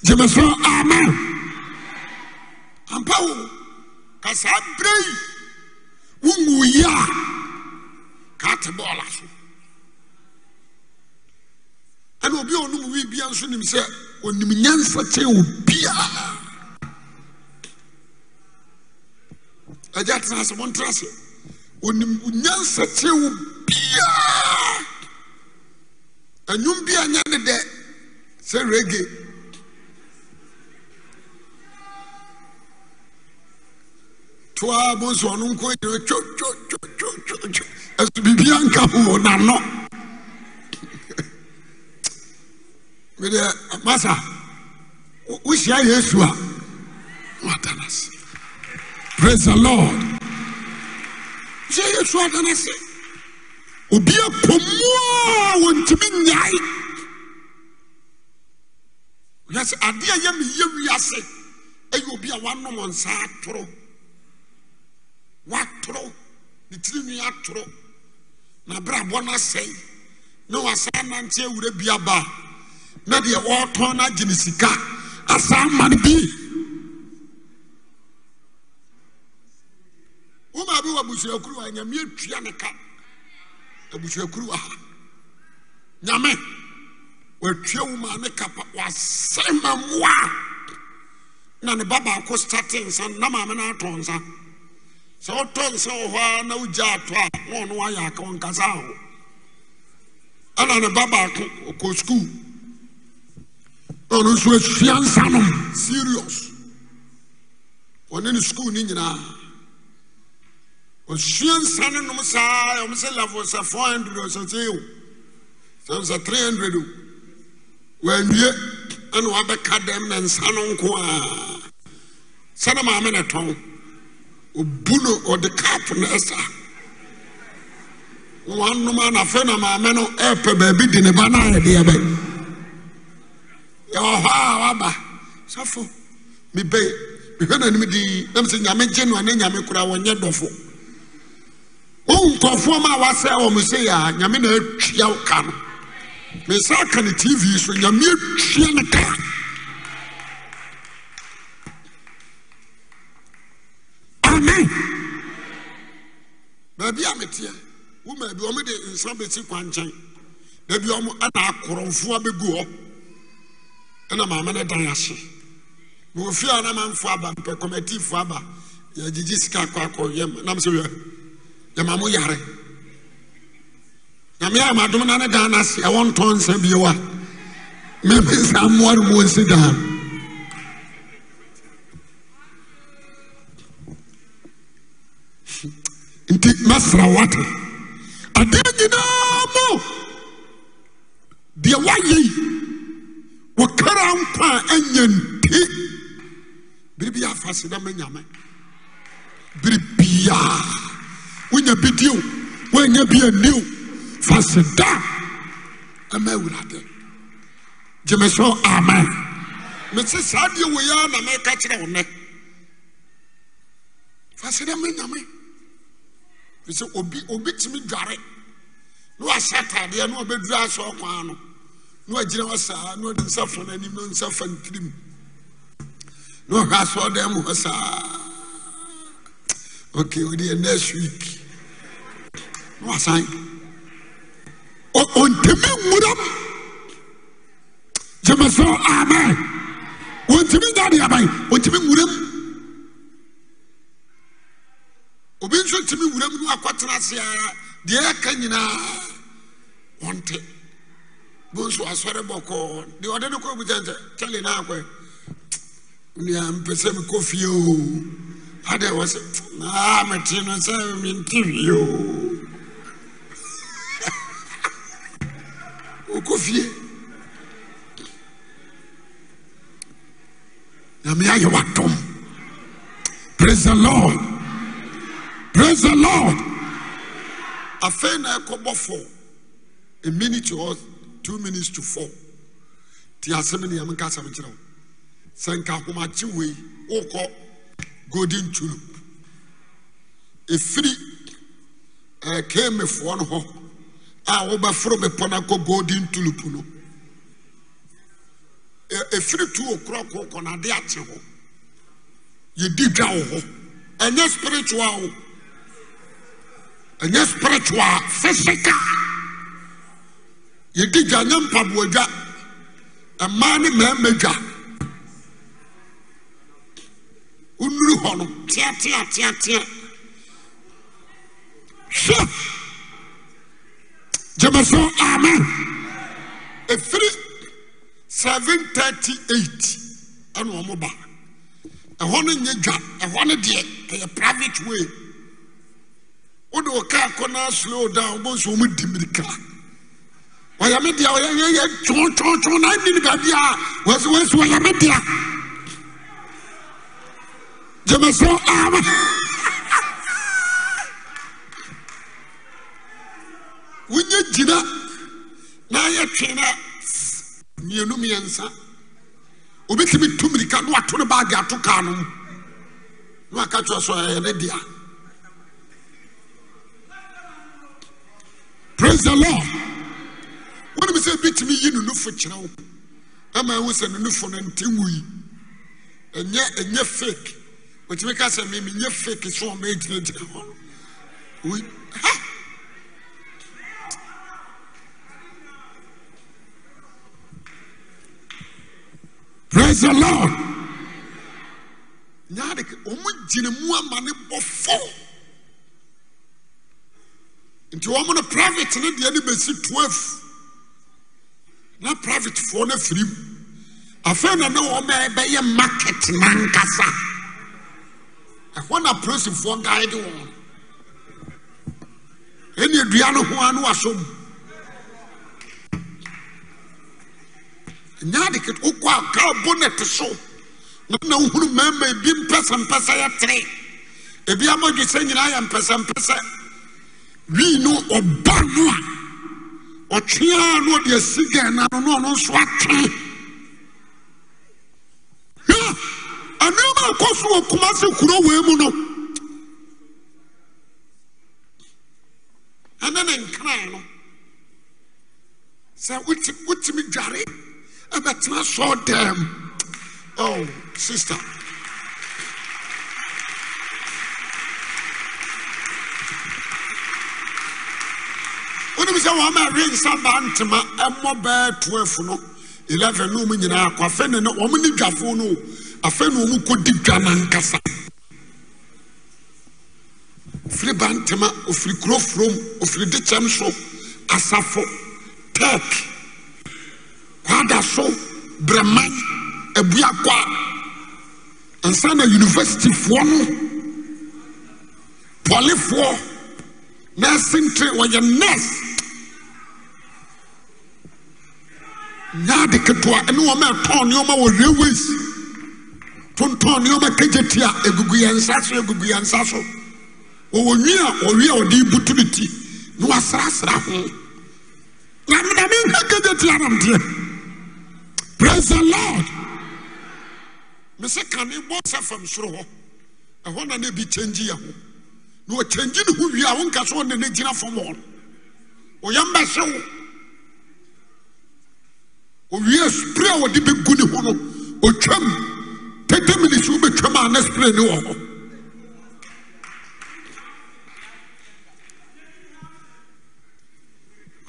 gyeme amen ampa wo ka saa berɛ i womuyaa kaata bɛɔla so ɛna obi ɔnom wiibia nso nim sɛ ɔnim nyansɛkyɛɛ wo biaa agya tenasɛ wontra sɛ ni nyansɛkyɛɛ wo biaa anwum bia nyɛ ne dɛ sɛ erege toa bó nso ɔno nko agyina twotwotwotwotwo ɛso biribia nka ho nanɔ medeɛ masa wohyia yesu a woada praise the lord hyɛ yesu ada no ase obi apɔmu a wɔntumi nyae yɛ sɛ adeɛ yɛ meyɛ wiase ɛyɛ obi a wanom nsa atoro watoro ne tirinwi atoro na abrabɔ no asɛe ne wasan nante awura bi aba na deɛ ɔretɔn no agye ne sika asan ma no bi woma bi wɔ abusuakuruwa nyame atua ne ka abusuakuruwa ha nyame watua wo ma ne kapa wasɛe ma mmoa na ne ba baako statee nsa na maame no atɔ nsa sɛ wotɔ nsa wɔ hɔ a na wogya ato a na ɔno wayɛ aka ɔnkasa ho ɛna ne ba baako ɔkɔ sukuu ɔno nso asua nsa nom serious ɔne ne sukuu no nyinaa ɔsua nsa no nom saa ɔmo sɛ lafo sɛ 400 hundred ɔsɛ sɛ o sɛ sɛ 300 o wɔanwie ɛna wabɛka dɛm ne nsa no nko a sɛne ne maame ne tɔn. obu no ɔde kaapo nwa ɛsa wanom anafɛ na maame no ɛpɛ baabi di ne ba na ayɛde ɛbɛ yɛwɔ hɔ a waba sɛfo mebɛ mehwɛ n'anim dii nam sɛ nyame gye no a ne nyame koraa wɔnyɛ dɔfo wohu nkɔfoɔ ma a a nyame na ka no aka ne so nyame ne baabi a meteɛ wo maabi ɔmde nsa bɛsi kwa nkyɛn baabi ɔm akorɔmfoɔ bɛgu hɔ ɛna maame no dan ahye a na mamfoɔ aba mpɛ kɔmatifoɔ aba yɛagyegye sika akɔ akɔyɛm yɛma mo yare nyame a madom na ne dan no ase ɛwɔ ntɔ nsa bio a mmoa no mu daa nti mɛsrawate adeɛ nyinaa mo deɛ woayei wokara nka a anya nte biribia faaseda ma nyame biribiaa wonya bidio woanya bi aniwo faseda maawurade gyemeso amen mese saa deɛ woyɛa na meka kyerɛ wo nɛ faaseda ma nyame sɛ obi obi tumi dware na wahyɛ ataadeɛ na wabɛduru aso kwan no na wagyina hɔ saa na ɔde nsa fa n'anim na nsa fa ntirim na ɔhwɛ aso ɔdan mu hɔ saa okay ɔde yɛ next week na wasan ɔntumi nwuram gyeme so amen ɔntumi dade aban ɔntumi nwuram. obi nso tumi wura mu akɔtena ase ara deɛ ɛka nyinaa wɔnte bo nso asɔre bɔkɔɔ deɛ ɔde ne kɔ mu kyɛnkyɛ kyɛle no akɔ nea mpɛ sɛ mekɔ fie o adeɛ wɔ sɛ naa mete no sɛ mente wie o ɔkɔ fie nyame ayɛ wadom praise the lord praise the Lord. I find I come for a minute or two minutes to four. The assembly I'm going to say something. Send kakuma chiwe oko golden tulip. Eh, a free I came for one ho. I overflow me ponako golden tulip. A free two o'clock walk on a day at you. You did that. And that spiritual. ɛnyɛ spiritual pfysical yɛdigya nyɛ mpadoaadwa ɛmaa ne mamɛdwa ɔnuru hɔ no teateateatea hwɛ gyemɛso ame ɛfiri 738 noɔ mo ba ɛhɔ ne nyɛ dwa ɛhɔ no deɛ ɛyɛ private way wode wo kaa kɔ slow down wobɔ nso ɔmu di mirika wɔyɛ me dea wɔyɛyɛyɛ twɔtwɔtwɔ na adi ne baabi a wɔsɛ wɔsi wɔyɛ me dea gyeme sɛ ama wonyɛ gyina na yɛtwe no mmienu mmiɛnsa obɛtumi tu mirika na wato no baage ato kaa no mu na waka kyerɛ sɛ ɔyɛ ne dea wonem sɛ bitumi yi nenufo kyenɛ wo ɔmaɛwu sɛ nonufo no nti woi nyɛ fek ɔtumika sɛ memenyɛ feki soɔne agyina gyinah ɛade ɔmo gyinamu ama ne bɔfo nti ɔm no private no deɛ ne bɛsi 12 ne privetefoɔ no afirim afei na ne ɔmɛbɛyɛ market na nkasa ɛh na prɛsifoɔ gd ɔ n da no ho a no wasom naadwokɔ akaboneteso nna wohunumama bi mpɛsɛmpɛsɛ yɛtere biama dwe sɛ nyinayɛ mpɛsɛmpɛ sɛ wiino ɔba no a ɔtwenaa na ɔde asi gaana no na ɔno nso ate anoɔmaakɔ so wɔkoma sɛ kuro wai mu no ɛnɛ ne nkna no sɛ wotimi dware ɛbɛtena sɛ dam o oh, sister wonim sɛ wɔma rensa baa ntoma ɛmmɔ bɛɛ 12 no 11 no mu nyinaa akɔ afei ne no dwafo no ne dwa ofiri ntoma ofiri ofiri kyɛm so asafo kwada so a no wɔyɛ nurse nyaade ketewa ɛne wɔn ɛtɔn nneɛma wɔ railways tontɔn nneɛma kegye ti egugu yɛn nsa so egugu yɛn nsa so wɔwɔ nwi a wɔwi butu ne ti na ho deɛ praise the lord mese kane bɔ sɛ fam soro hɔ ɛhɔ na ne bi kyɛngyi yɛ ho na wɔkyɛngyi ne ho wie a wonka sɛ ɔne ne gyina fam hɔ ɔyɛ wia sprɛ wɔde bɛgu ni horo ɔtam tataminesowobɛtwam a na sprɛ ne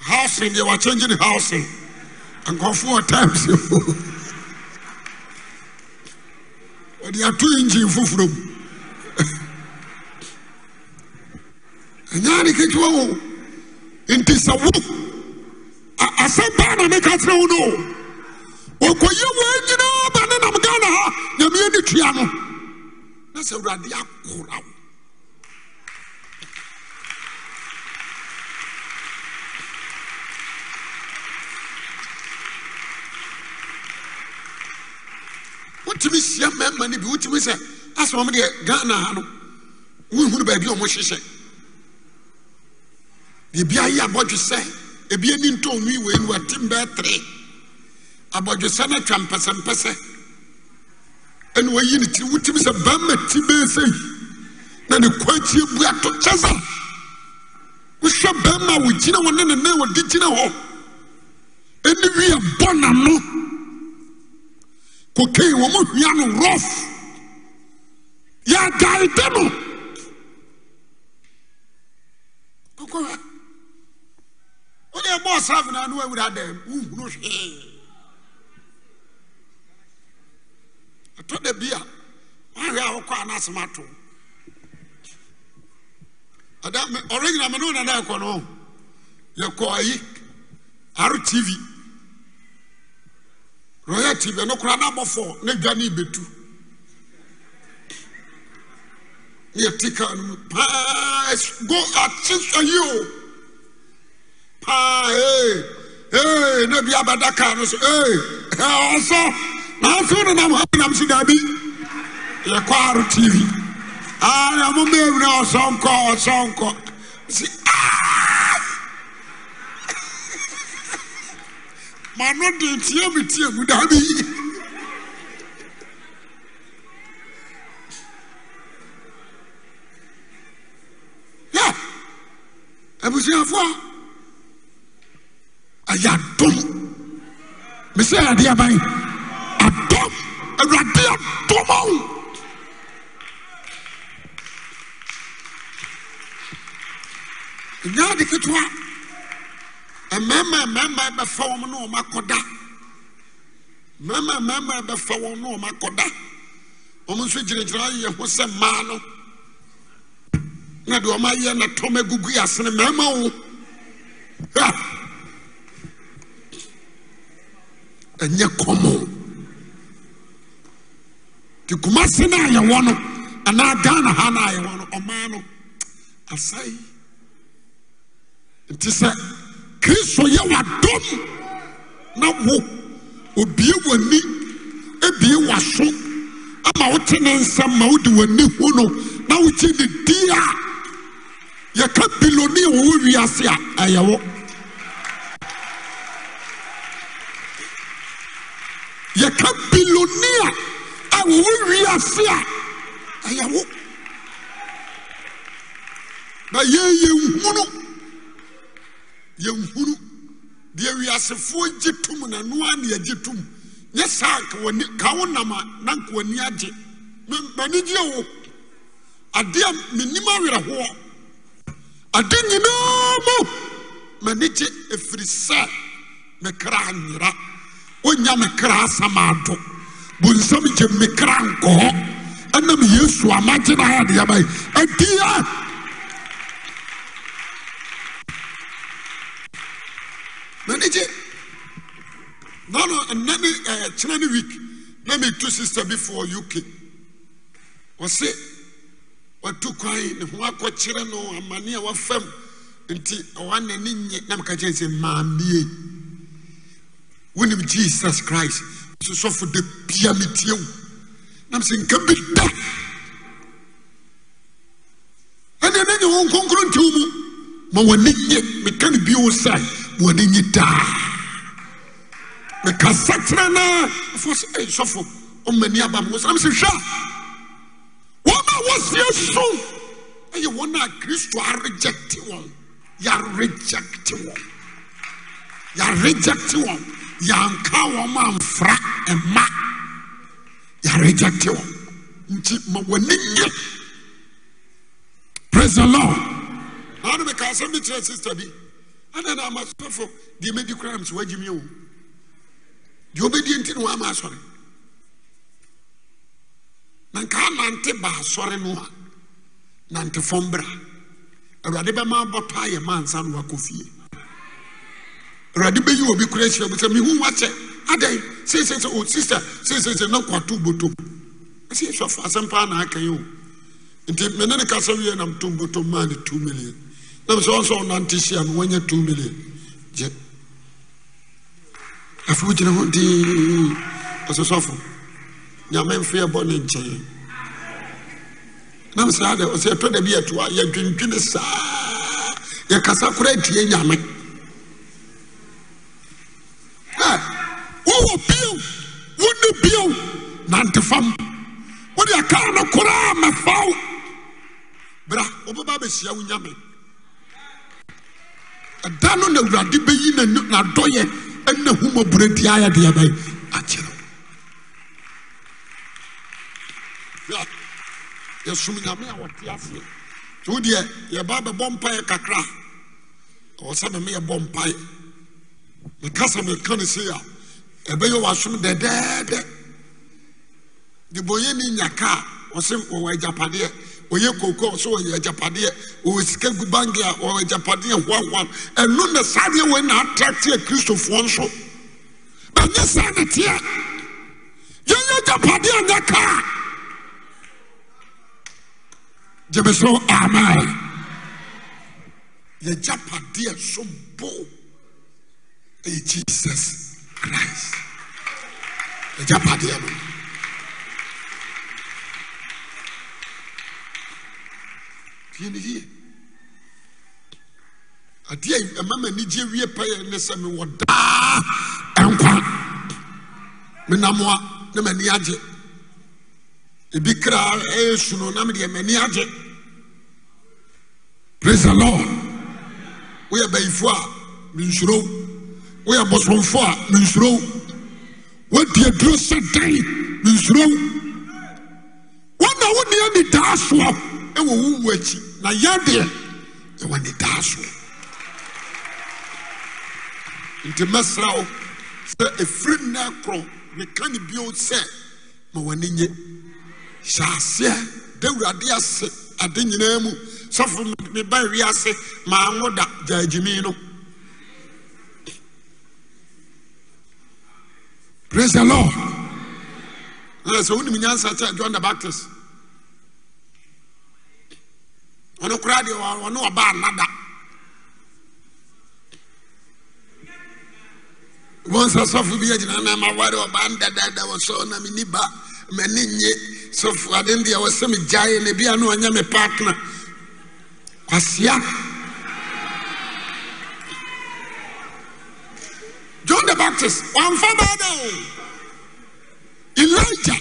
wɔhhusedeɛwakyɛngyene house ankɔfo times o de atone foforo ayanekekiao ntisawu asɛm paa na meka kyerɛ wo no o ne nam ghana ha nyameɛ ne tua no na sɛ awurade akora wo wotumi hyia mmarima no bi wotumi sɛ deɛ ghana ha no baabi a ɔmo hyehyɛ biribi ebiani ntɔ owiiwei nowatem bɛ aterɛ abadwosɛ ne atwa mpɛsɛmpɛ sɛ ne woayi no kyiri wotimi sɛ bai ma ti bɛɛsɛi na ne kwaatibua to kyɛ sa wohwɛ bai ma wogyina hɔ ne ne na wɔde gyina hɔ ni bi yɛbɔ na no kokei wɔ mohia no ros yɛadae dɛ no wode ɛbɔ ɔsra fenaa ne wawura adam wonhunu hwee ɛtɔ da bi a woahwɛ a wokɔ ọrịa ato ɔregyina me ne wo nana ɛkɔ no rtv royal tv no koraa na abɔfo ne dwa paa go ati ayi o paa ee ee na bi abada kaa no so ee ɔsɔ n'aso no nam hɔ nam si daabi yɛ kɔ aro tv aa ah, na mo mbɛ ewura ɔsɔ nkɔ ɔsɔ nkɔ si aa ah! ma no de tie mi tie mu daabi. Yeah. ɛyɛ adom mesɛ ɛde aban adom awurade adom awo nyaa de ketewa mmarima mmarima bɛfa wɔn na wɔn akɔda mmarima mmarima bɛfa wɔn na wɔn akɔda wɔn nso gyinagyina yɛ ho sɛ mmaa no na deɛ wɔn ayɛ na tɔm agugu yɛ asene wo ha. ɛnyɛ kɔmɔ ti kumasi na ayɛwɔ no anaa ghana ha na ayɛwɔ no ɔmaa no asayi nti sɛ kristo yɛ na wo obie ni ebie so ama wote ne nsa ma wode ni hu no na wogye ne di a ka biloni a wi ase a ɛyɛwɔ. yɛka bilonia a wɔwɔ wiase a ɛyɛ wo na yɛ yɛnhunu yɛnhunu deɛ wiasefoɔ gye tom na no ne yɛgye tom nyɛ saa ka wo nam a na nkawani agye m'ani gye wo adeɛ a menim awerɛhoɔ ade nyinaa mu m'ani gye ɛfiri sɛ mekra nyera wonya me kra sam ado bonsam gye me kra nkɔɔ nam yesu amagye na hadea baye adia nanegye na no na ne kyena ne wiek na mitu syster bifoɔ uk ɔ se wato kwane ne ho akɔkyerɛ no amanea wafam nti ɔwa nɛ ne nyɛ na meka kyene sɛ maamie wonim jesus christ nso the de bia metie wo nam sɛ nka bi da ɛne ɛna nyɛ the nkronkro nte wo mu ma wɔne nye meka ne bio sɛ wɔne nye daa mekasa kyerɛ na ɛfo sɛ ɛyi sɔfo ɔmani aba mo sam sɛ hwɛ a wɔn a wɔsie so ɛyɛ wɔn a kristo arejecte wɔn yɛarejecte wɔn yɛarejecte wɔn yɛanka wɔn amfra ɛma yɛaregyɛte wɔn nti ma w'ani nye praise the lord na ɔno meka asɛm bi kyerɛ sister bi ana na amasɔfo deɛ mɛdi koraa m sɛ woagyimi o deɛ wobɛdie nti ne woama asɔre na nka anante ba asɔre no a nante fam bra awurade bɛma abɔ paa yɛ ma ansa no wakɔ fie awurade bɛyi will bi kora ahyia mu sɛ mehu wakyɛ adɛn seesei sɛ o sister seesei sɛ na kwato botom ɛsɛ yɛsɛ fa asɛm paa na aka yi o nti mene ne kasa wie nam tom botom maa ne two million na mesɛ wɔn sɛ ɔnante hyia no wɔnyɛ two million gye afei wogyina ho dii ɔsosɔfo nyame mfe yɛbɔ ne nkyɛn nam sɛ adɛ ɔsɛ ɛtɔ da bi yɛtoa yɛdwendwene saa yɛkasa koraa atie nyame sɛ wowɔ bio wonni bio nantefam wode ɛkaa no koraa mɛfaw bra wobɛba bɛhyia wo nyame ɛda no na awurade bɛyi n'adɔyɛ ɛna humɔborɔ di ayɛ deɛ bɛyɛ akyerɛ yɛsom nyame a wɔte aseɛ nti wodeɛ yɛba bɛbɔ mpaeɛ kakra ɛwɔ sɛ meme yɛbɔ mpaeɛ ne kasa na ɛka ne se a ɛbɛyɛ w'asom dɛdɛɛdɛ debɔyɛ ne nya kaa ɔsɛ wɔwɔ agyapadeɛ ɔyɛ kooko ɔsɛ ɔyɛ agyapadeɛ ɔwɔ sika gu banki a ɔwɔ agyapadeɛ hoahoa ɛnu na saa deɛ wɔn na atrɛteɛ kristofoɔ nso ɛnyɛ saa ne teɛ yɛnyɛ agyapadeɛ nyɛ kaa gyeme so amen yɛgyapadeɛ so boo. Jesus Christ. Ẹja pàdé ẹ̀ lọ. Fie yie. Adeɛ ɛma ma ani gye wie pɛyɛ ne sɛ mewɔ daa ɛnkwa. Menamoa na ma agye. Ebi kra ɛyɛ suno na deɛ ma agye. Praise the Lord. Woyɛ bɛyifo a, mensuro woyɛ bɔsomfo a nensuro wadiduo sɛ dae mensuro w wɔna wodeɛ nedaa soɔ ɛwɔ wowu akyi na yɛdeɛ ɛwɔ nidaa soɔ nti mɛsrɛ wo sɛ ɛfirim na akorɔ meka ne bi sɛ maw'ane nye hyɛaseɛ da wurade ase ade nyinaa mu sɛfo meba wiɛ ase maawoda gyaagyemi no praise the lord ɛna sɛ wonim nyansa kyɛ john the baptist ɔno koraa deɛ ɔno ɔbaa nada wọn sọ sọfún bi egyina náà ma wari ọba ndadada wọsọ na mi ni ba ma nye sọfún adi ndi a wọsẹ mi gya yi na ebi anu ọnyẹ mi paakina kwasia. john the baptist one for o elijah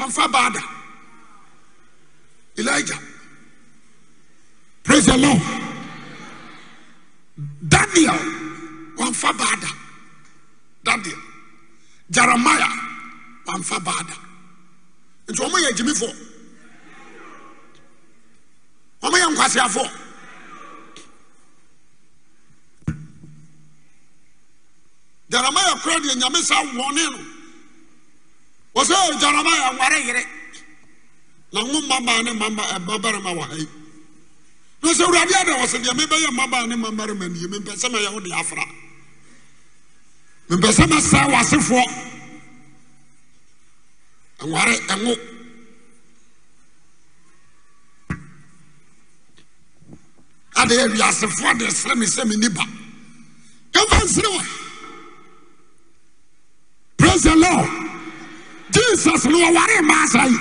one for baada elijah praise the lord daniel one for baada daniel jeremiah one for It's wàmfa baada nti wọn yɛ jimifo wọn yɛ nkwasiafo. yanama yɛ korɛdeɛ nyame sɛ wɔne no wɔ sɛ yɛ garama yɛ nware yerɛ na wo maaa ne maaamaɔh eh, nɛsɛwuradeɛ adeɛ wɔ sɛ deɛ mɛbɛyɛ mabaa ne maaamanɛ mpɛ sɛmayɛwodeɛfr pɛ sɛmɛsɛ wasfoɔ we adɛ asfoɔ deɛ srɛ mesɛmniba ɛfɛnserɛ w praise the lord jesus ni ɔware mmaa sa yi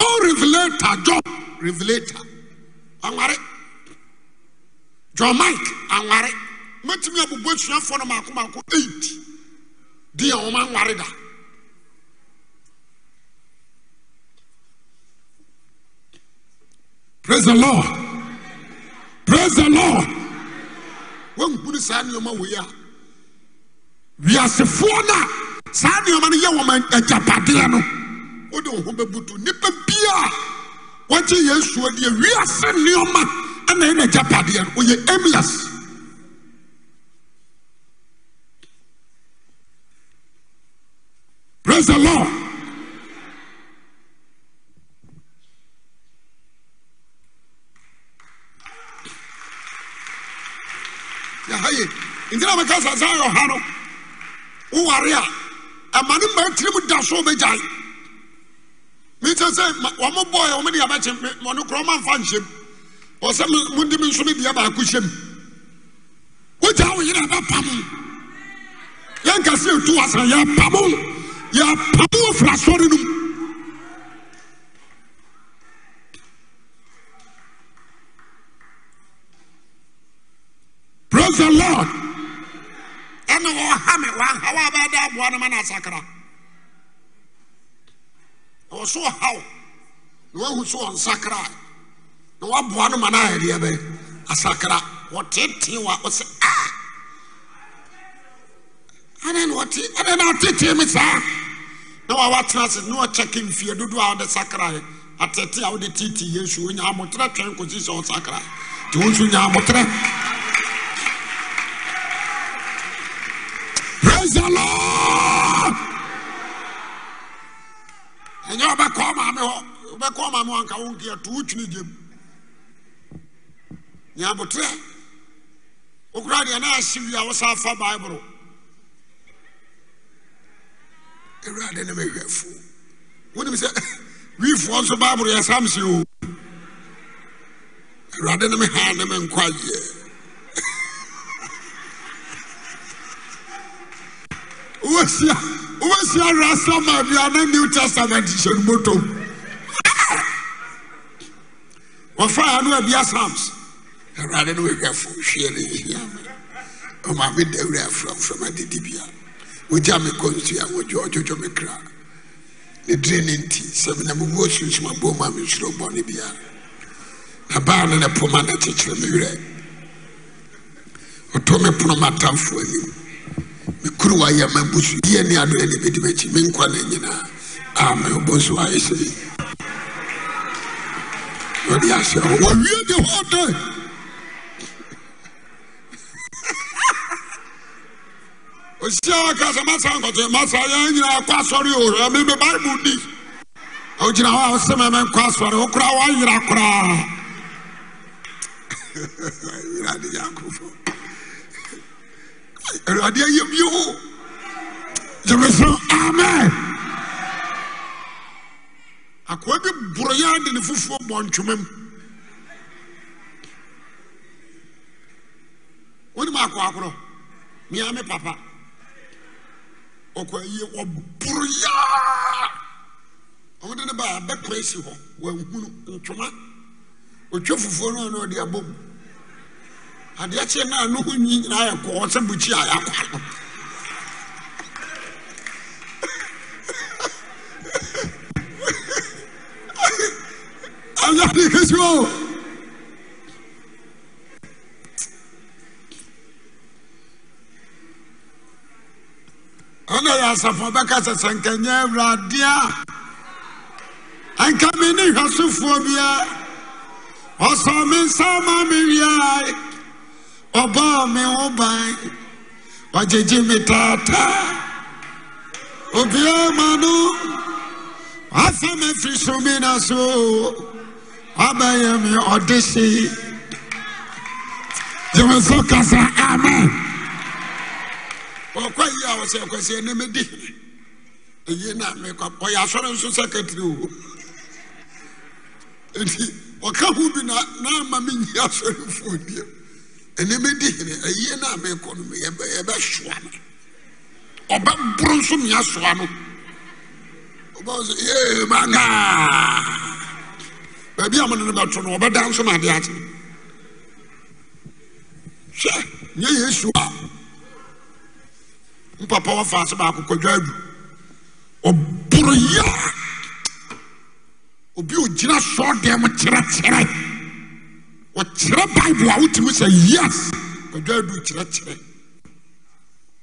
john revelator john revelator anware john mike anware mɛtumi abubu asuafoɔ no maako maako eight di a wɔn anware da. Praise the Lord. Praise the Lord woahunu saa nneɔma wei a wiasefoɔ no saa nneɔma no yɛ wɔma agyapadeɛ no wode wo ho bɛbutu nnipa bia a wɔgye suo deɛ wiase nneɔma ana ɛna agyapadeɛ no wɔyɛ amias praise the lord sɛ sɛ yɛ no woware a ɛma ne mmaa tirim da so bɛgyae mekyɛ sɛ wɔmobɔɔyɛ wɔmde yɛbɛkye ɔno korɔ mamfa nhyɛm ɔ sɛ monde me nso me deɛ baako hyɛm wogya wo yere bɛpam yɛnka sɛ ɛtu wasa yɛpamo yɛpamo firi asɔre no Praise the Lord. ɛne ɔha me wɔahaw abɛda aboa no ma no asakra na wɔ so ɔhaw na woahu so ɔnsakra na woaboa no ma no ahadeɛ bɛ asakra wɔtetee wa ɔsɛ a ah! ɛne na ɔte ɛne na ɔtetee me saa na wawatena ase na ɔkyɛke mfie dodoɔ a wode sakrae atete a wode titi yesu wonya amotrɛ twɛn kɔsi sɛ ɔsakra nti wo nso nya amotrɛ wobɛkɔ ma me anka wo nkeɛ to wotwini gyem nyaboterɛ wokora deɛ na ahye wie a wo sa fa bible awurade ne mɛhwɛfoɔ wonim sɛ wifoɔ nso bible yɛ sam se o awurade ne mehaa ne me nkwayɛ wobɛsia wobɛsia rasa ma bia na new testament hyɛ wɔfa ano abi asams awurade no wɔhwɛ fo hwie ne hia me ɔmaame da wura aframfram adidi bia wogya me kɔ nsu a wɔdwo ɔdwodwo me kra ne dire ne nti sɛ mena mubuo sunsum abɔ mu a mensuro bɔne biara na baa no ne poma na kyekyerɛ me werɛ ɔtɔ me pono matamfoɔ anim mekuru wayɛ mabusu yie ne adoɛ ne bɛdi m'akyi menkwa ne nyinaa a me ɔbɔ so ayɛ sɛ wọ́n yà sẹ́ ọ wọ́n wíyẹ ní wọ́n dẹ́. osia kasa masa nkɔtɔ masa yɛn nyinaa kɔ asɔre o ɛmi mi baibu di ogyina hɔ a ɔsɛ mɛmɛ nkɔ asɔre okura wayira koraa yira de yɛ akofo ɛwurade ayɛ bio gyeme so amen. akoa bi borɔyɛ de ne fufuo bɔ onye mu wonim akoa korɔ mea me papa ɔkɔ yie wɔboroyaa ɔmode ne baa bɛpɛ si hɔ wanhunu ntwoma ɔtwa fufuo no ɔne ɔde abom adeɛ kyeɛ no a no ho nyi nyinaa yɛ kɔɔ sɛ bukyi a yɛakwa no Ọlọ́run kìsì o. yà asafo bẹ́ka sẹ̀sẹ̀ nkẹ́nyẹ́ ẹ̀wúrọ̀adé a. Nkà mi ní ìhwẹ́sọ̀fọ̀ bíyà. Ọ̀sán mi nsá máa mi rí ayé. Ọba mi ń ban. Ọ̀jẹ̀jẹ̀ mi tààtàá. Obiara ma no. Asam efiri so mi na so. abɛyɛ mi ɔde hye yɛwɔ so kasa amen ɔkɔ yi a ɔsɛ ɛkɔsɛ ɛnɛmɛ di ɛyɛ na nso sɛkɛtiri o eti ɔka bi na n'ama mi nyi asɔre ndị ɛnɛmɛ di hene ɛyɛ na mekɔ no yɛbɛ yɛbɛ soa no ɔbɛ buru nso mi baabi a mo ne no bɛto no ɔbɛda nso na adeɛ akye hwɛ nyɛ yesu a mpapa wɔfa ase baako kwadwa adu ɔboro yia obi ogyina sɔɔ dan mu kyerɛkyerɛ ɔkyerɛ bible a wotumi sɛ yes kwadwa adu kyerɛkyerɛ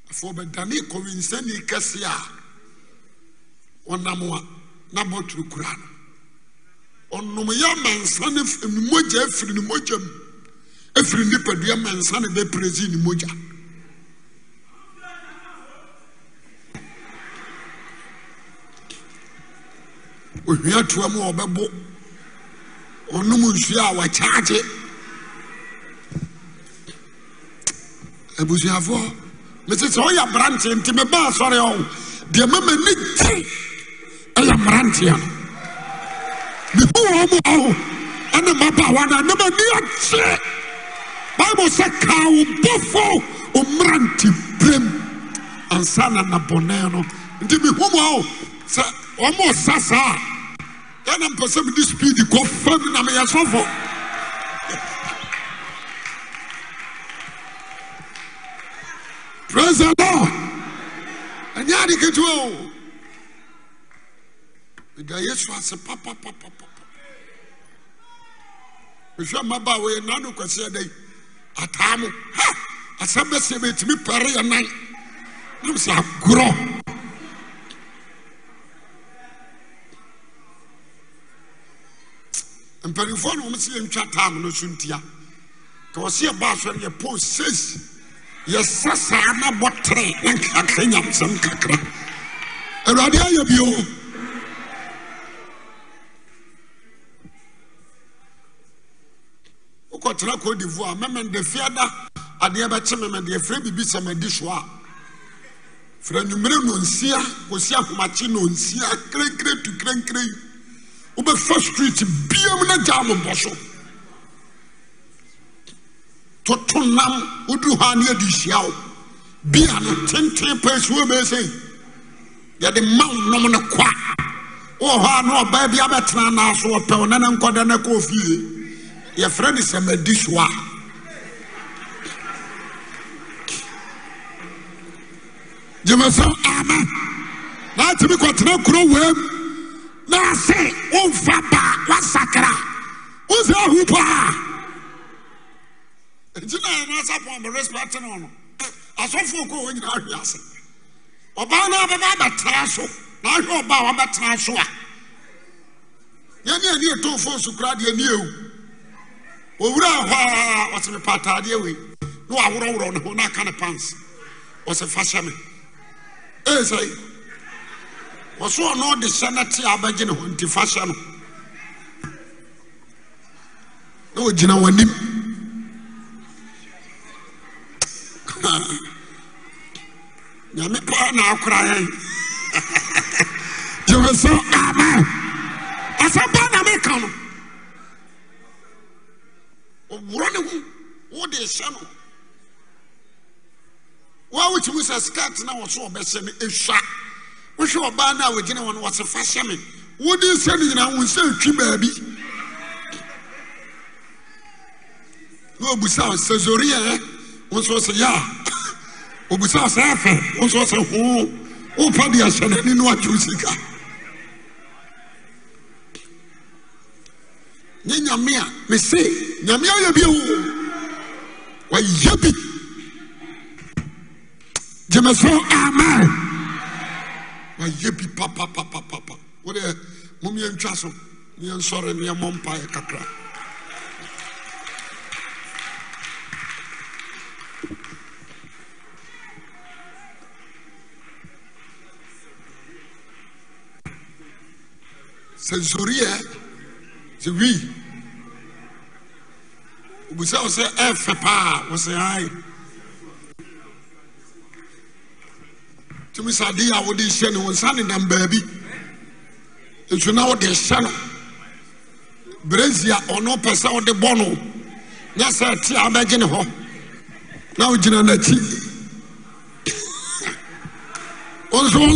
afɔ ɔbɛdane kɔwinsani kɛse a ɔnam a na bɔtoro no ɔnomyɛ mansanengya afiri ngyam firi nnipadua ma nsane bɛ presi nmogya ɔhiatoa m a ɔbɛbo ɔnom nsua a wɔakyɛagye abusuafoɔ mesi sɛ oyɛ brante nti mebaa sɔre ɔ deɛma 'ani te yɛ mmrante a mehu ɔma wo ɛne maba wa no a na mani akyɛ bible sɛ ka wo bɔfo ɔmmra nte brɛm ansa na nabɔneɛ no nti mihu m a wo sɛ ɔmɔɔ sa saa a yɛnampɛ sɛmene speedi kɔ fam na meyɛsɔfo presiden lɔ ɛnyɛ ade kaki wao dayɛ s ase pa ɛhɛmabaa woyɛna nokseɛdɛ ataa mh asɛ bɛseɛ bɛtumi pɛre yɛnan namsɛ agorɔ mpanimfoɔ no ɔmɛ sɛ yɛntwa ataa m no sontia kɛɔse ɛ ba sɔre yɛpo sesi yɛsɛ saa na bɔ trɛ nkaka nyamsɛm kakraawurae ayɛb wokɔtena cote divoire mɛmɛ de fiada adeɛ bɛkye mɛmɛ deɛ fira bibi sɛ mɛ so a fira nwumire nonsia kɔsi ahomakye nonsia kirenkire tu kirenkire wobɛfa street biam na gya amobɔ so toto nam woduru hɔ a ne adi hyia wo bia no tenten pɛ si wo bɛsɛ yɛde ma wo nom no wowɔ hɔ a na ɔbaa bi abɛtena so ɔpɛ wo nane nkɔda na kɔɔ fie yɛfrɛ no sɛmadi soa gyemasɛm ama na atumi kɔtena kuro wam na ase womfa baa wasakra wosɛ ahu paa ɛnti na ɛnasa pɔ merespect no no eh, asɔfoɔ kɔ hɔ nyinaa ahwe ase ɔbaa no abɛba abɛtena so na ahwɛ ɔbaa wabɛtena so a yɛne ani ɛtɔɔfoɔ so koraa deɛ ne ɛwu owura hɔ a ɔsɛ mepa ataadeɛ wei na waworɔworɔ ne ho na aka ne pants ɔsɛ fa hyɛ me ee sɛ wɔso ɔno ɔde hyɛ no te abɛgye ne ho nti fa hyɛ no na e, ɔgyina w'anim nyame paa na akora yɛn yɛwɛ sɛ ama asɛmpa na meka no ɔworɔ ne ho wode hyɛ no wa wotumi sɛ skirt na wɔ so ɔbɛhyɛ me ɛsua wohwɛ ɔbaa no a wɔgyina hɔ no wɔse fa hyɛ me wode nsɛ no nyinaa wo nsɛ ntwi baabi na ɔbusa sɛ zoriɛ wo nso sɛ yɛa ɔbusa sɛ ɛfɛ wo nso sɛ hoo wopa de ahyɛ n'ani no agye wo sika nye nyame a mese nyame ayɛ bi wo wayɛ bi gyeme so amen wayɛ bi papapapapa wodeɛ momyɛntwa so ne yɛnsɔre ne yɛmmɔ mpaeɛ kakra sɛ sɛ wi obisa wo sɛ ɛfɛ paa wo sɛ ae tumi sɛ adeɛ a wode hyɛ no wo nsa nenam baabi ɛsu na wode hyɛ no berɛsi a ɔno pɛ sɛ wode bɔ no nyɛ sɛ ɛte a wobɛgye ne hɔ na wogyina n'akyi wo nso wo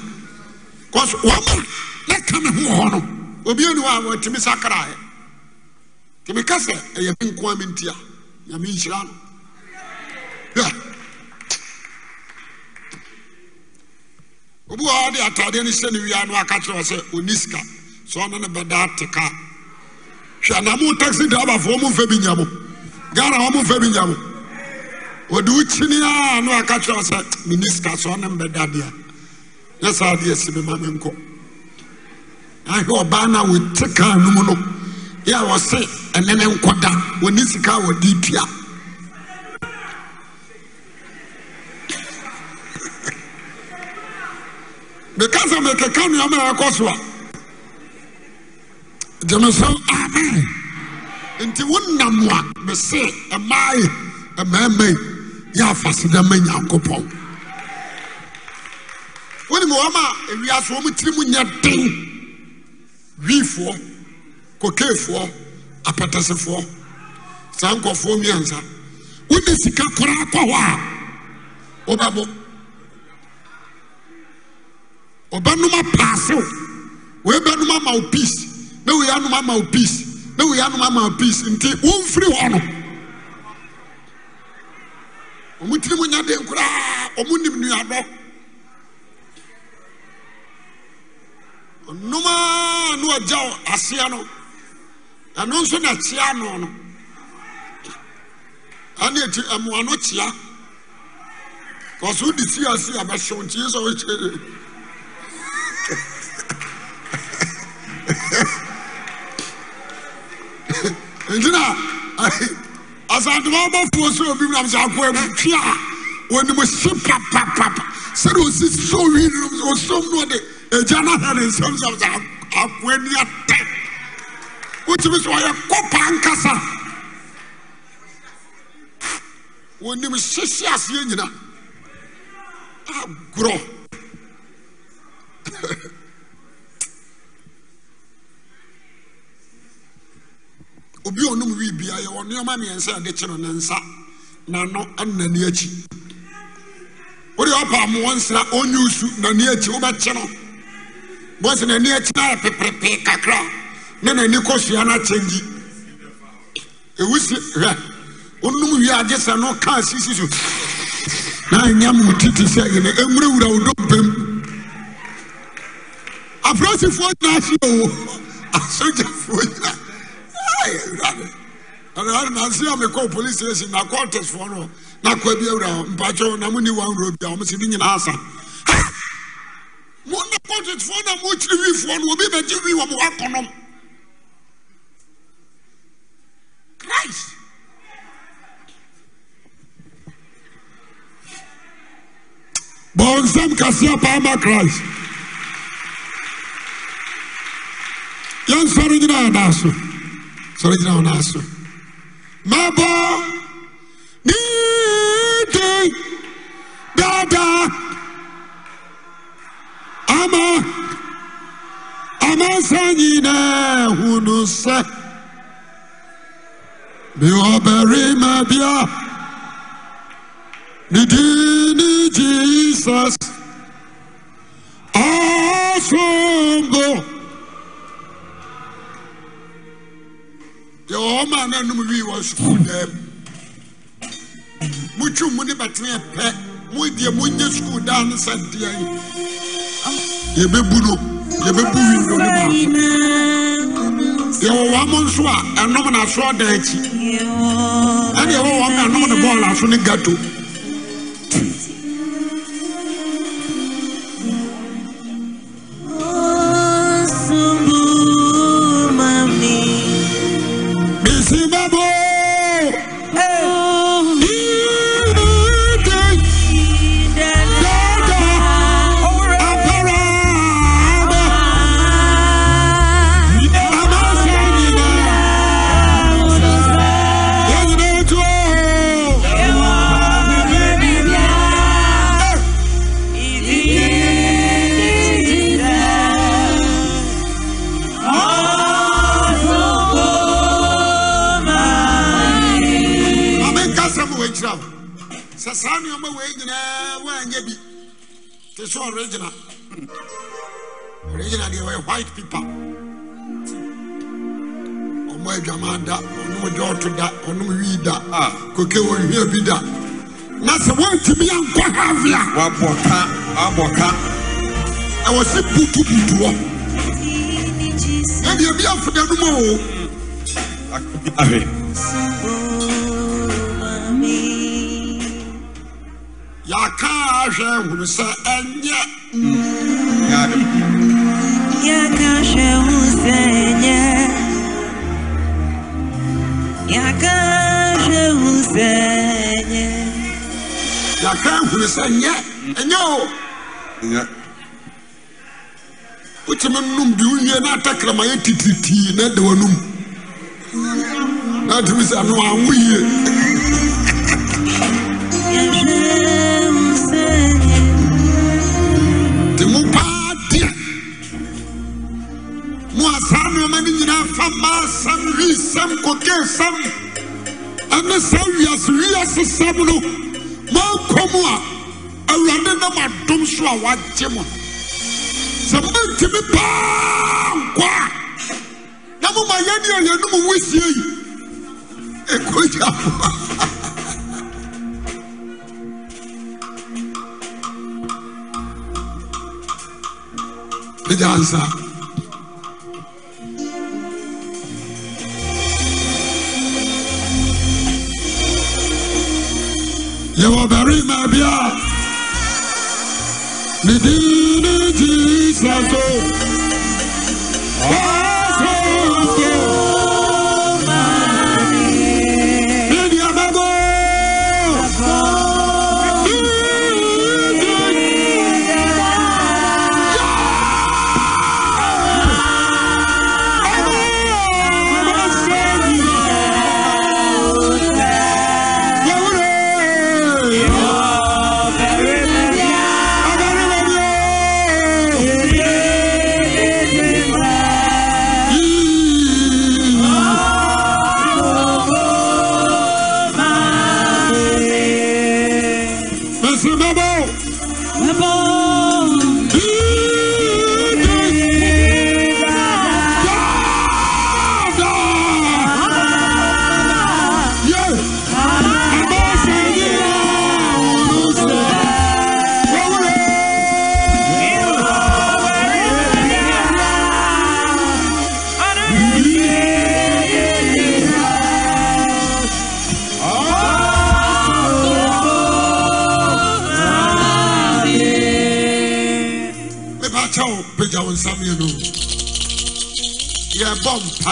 so wɔmom na ka me ho obi ani hɔ a wɔatumi sakara nti meka sɛ ɛyɛ me nko a a nhyira no obi wɔ de atadeɛ no hyɛ ne wia no wɔ sɛ sika ɔno ne ka hwɛ na mo taxi bi nya mo ghana a no wɔ sɛ sika yɛ saa adeɛ si mi ma mi nkɔ ahwɛ ɔbaa na wɔte kaa no mu no yɛ a wɔse ɛne ne nkɔda wɔne sika a wɔde pia meka sɛ mekeka nneɛma a ɛkɔ so a gyeme so amen nti wonam a mese ɛmaa yi ɛmaama yi yɛ afase dɛ ma nyankopɔn wonim wama awiaso omotiri m nyɛ den wifoɔ kokefoɔ apɛtasefoɔ saa nkɔfoɔ niansa wonɛ sika koraa kɔ hɔ a wobɛbɔ ɔbɛnom apaasewo woɛbɛnom amawo peas ne woi anom amawo peas ne woi anom amawo peas nti wɔmfiri hɔ no ɔmtirim nyɛden koraa ɔmonimnuadɔ nomaa no agyaw aseɛ no ɔno nso ne kyea ano no aneti amoa no kyea caus wode si ase a bɛhyɛw ntie sɛ wokyɛ ntyina asandoma wobɛfoɔ sɛ obimnamyakoamuntwe a onim se papapapa sɛne ɔsi sooosom node agya no ha ne nsɛmm sɛ akoaniatɛ wotimi sɛ ɔyɛ kɔ pa nkasa wɔnim hyehye aseɛ nyina agorɔ obi ɔnom wibiayɛwɔ nneɔma mmiɛn sɛ yɛde kye no ne nsa nano nnani akyi wode ɔpa mo nsra ɔnwesu nane aki wobɛkye no bɔs n'ani enye yɛ pepepe kakra na n'ani kɔ sua no akyɛ ewu si hwɛ onum wi agye sɛ no kaa sisi so na anya mu titi sɛ yɛn emurawura o do apolisifoɔ nyinaa owo asogyafoɔ nyinaa ɛyɛ na a polisi esi na kɔɔtɛsifoɔ na ebi ewura na ni bi si nyinaa kɔntetfoɔ na wɔkyiri wifoɔ no obi bɛgye wi wɔ wakɔnɔm christ bɔnsɛm kaseɛ paa ma christ yɛnsɔre gyina yɛdaa so sɔre gyina wo naa so mabɔ ne dei daadaa Ama ama sen yine Hunus'a bir haberim haberime bir dini Jesus Asombo The old man and we was for them muni batwe pet mo deɛ mo nye sukuu daa ne sɛ deɛ yi yɛbɛbu no yɛbɛbu windo ne ba yɛwɔ wɔn mo nso a ɛnom na aso ɔda akyi ɛna yɛwɔ wɔn na ɛnom ne bɔɔl aso ne gato. Bisi babo. sure original. original deɛ ɔyɛ white paper. ɔmo adwama da ɔnom gyɔɔto da ɔnom wii da koke wɔn hwia bi da na sɛ wɔntumi ankɔ haave a. wabɔ ka wabɔ ka. ɛwɔ sɛ butubutu hɔ. na deɛ bi afuda no mu o. ahwɛ yàka ahwẹ hunu sẹ ẹnyẹ. yàka ahwẹ hunu sẹ ẹnyẹ. yàka ahwẹ hunu sẹ ẹnyẹ. yàka hunu sẹ ẹnyẹ ẹnyẹ o. ẹnyẹ. wotumi num di wunye n'atakarama yɛ tititi na ɛda wɔnum na atumi sɛ ano anwo yie. nneɛma no nyinaa fa mmaa sɛm wisɛm kokee sɛm ɛne saa wiase wiase sɛm no moankɔ mu a awurade nam adom so a wagye mo sɛ mantimi paa nkɔ a na moma yɛne a yɛnom wosie yi ɛkɔgyafoa Medansa. yɛwɔ barima bi a ne din ne jesus o.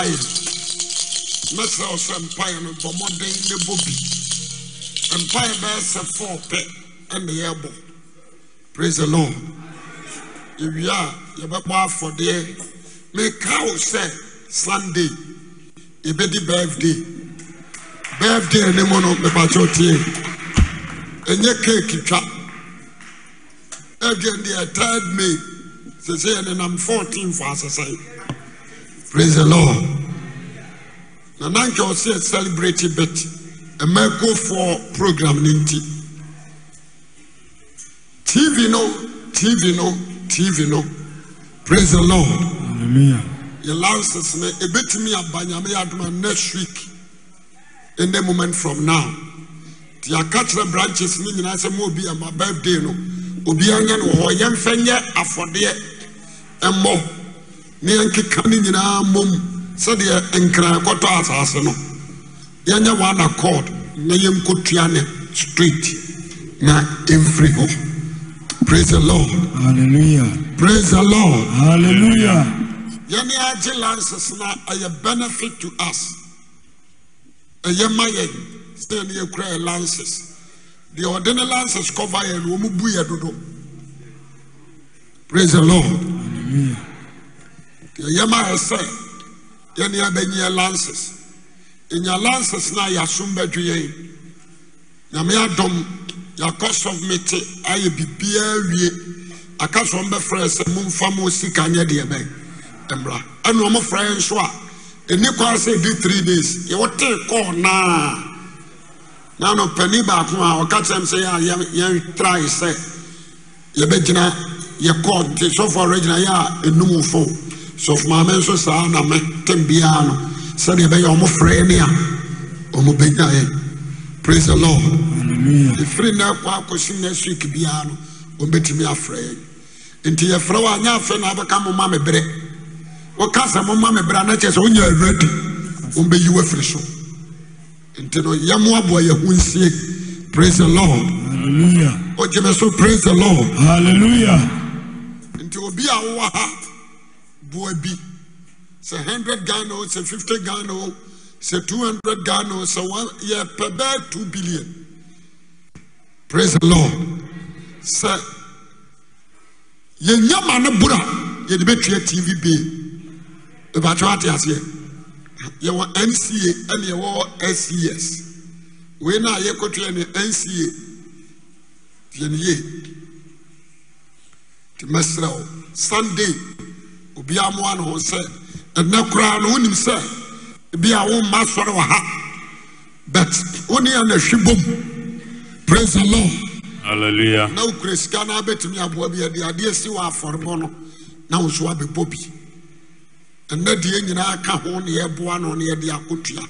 mpae no mɛsrɛ mpae no bɔ ne bi mpae bɛyɛ sɛ fɔɔ pɛ praise the lord ewia a afɔdeɛ meka sɛ sunday yɛbɛdi birthday birthday ne mu no mebakyɛw tie ɛnyɛ keeki twa ɛdwɛn deɛ third may 14 fo asesɛe praise the lord na nanka ɔsɛ celebrate bit mmakofoɔ program ne nti tv no tv no tv no praise the lord yɛ lances no ebetumi aba nyame adoma next week in the moment from now ti aka branches ne nyinaa sɛ mo obi ama birthday no obiara nyɛ no wɔ hɔ yɛmfɛ na yɛnkeka ne nyinaa sadi sɛdeɛ nkran kɔtɔ asase no yɛnyɛ one accord na yɛnkɔtua ne street na ɛmfiri hɔ praise the lord hallelujah praise the lord hallelujah yɛne agye lances na ɛyɛ benefit to us ɛyɛ ma yɛn sɛ ne yɛkura yɛ lances deɛ ɔde ne lances cover yɛn no wɔn bu yɛ dodo praise the lord hallelujah. yɛyɛ m ayɛ sɛ yɛnea bɛnyeɛ lanses ɛnya lanses na yɛasom bɛdweyɛ name adɔm yɛakɔ sof mete ayɛ birbiaa wie aka sɔm bɛfrɛ sɛ momfamɔsika nyɛdeɛ bɛ m ɛnoɔmofrɛ nso a ɛni koan sɛ ɛdi t days yɛwotee kɔɔ naa na nɔpani baak a ɔka ɛm sɛ ɛyɛtrae sɛ yɛbɛgyina yɛkɔɔ nt sɛfoawrɛgyina yɛ a nom fo sɔfo maame nso saa na mɛ tɛm biara no sɛdeɛ ɛbɛyɛ ɔmo frɛ mi a ɔmo bɛnya yɛ praise the lord efiri na ɛkɔ akɔsi next week biara no ɔmo bɛtumi afrɛ yɛ nti yɛfrɛ wa nyɛ afɛ na abɛka mo ma mi brɛ wɔka sɛ mo ma mi brɛ anakyɛ sɛ ɔnyɛ ɛrɛdi ɔmo bɛyi wɔ firi so nti no yɛ mo aboa yɛ ho nsie praise the lord ɔgyeme so praise the lord hallelujah nti obi a wɔwɔ ha boa bi sɛ hundred ghana o sɛ fifty ghana o sɛ two hundred ghana o sɛ one yɛ pɛ bɛɛ two billion praise the lord sɛ yɛn nyama ne bura yɛde bɛ tia tv bee ebatwa ate aseɛ yɛwɔ nca ɛna yɛwɔ SES. wei na yɛkɔtua ne nca yɛn yie te mɛsrɛ o sunday obiaa moa ne ho sɛ ɛnɛ koraa no wonim sɛ bia womma sɔre wɔ ha but wo ne bom praise the lord Hallelujah. na wokura sika no abɛtumi aboa bi ɛde adeɛ si wɔ afɔrebɔ no na wo so abɛbɔ bi ɛnɛ deɛ nyinaa ka ho ne yɛboa no ne yɛde akotua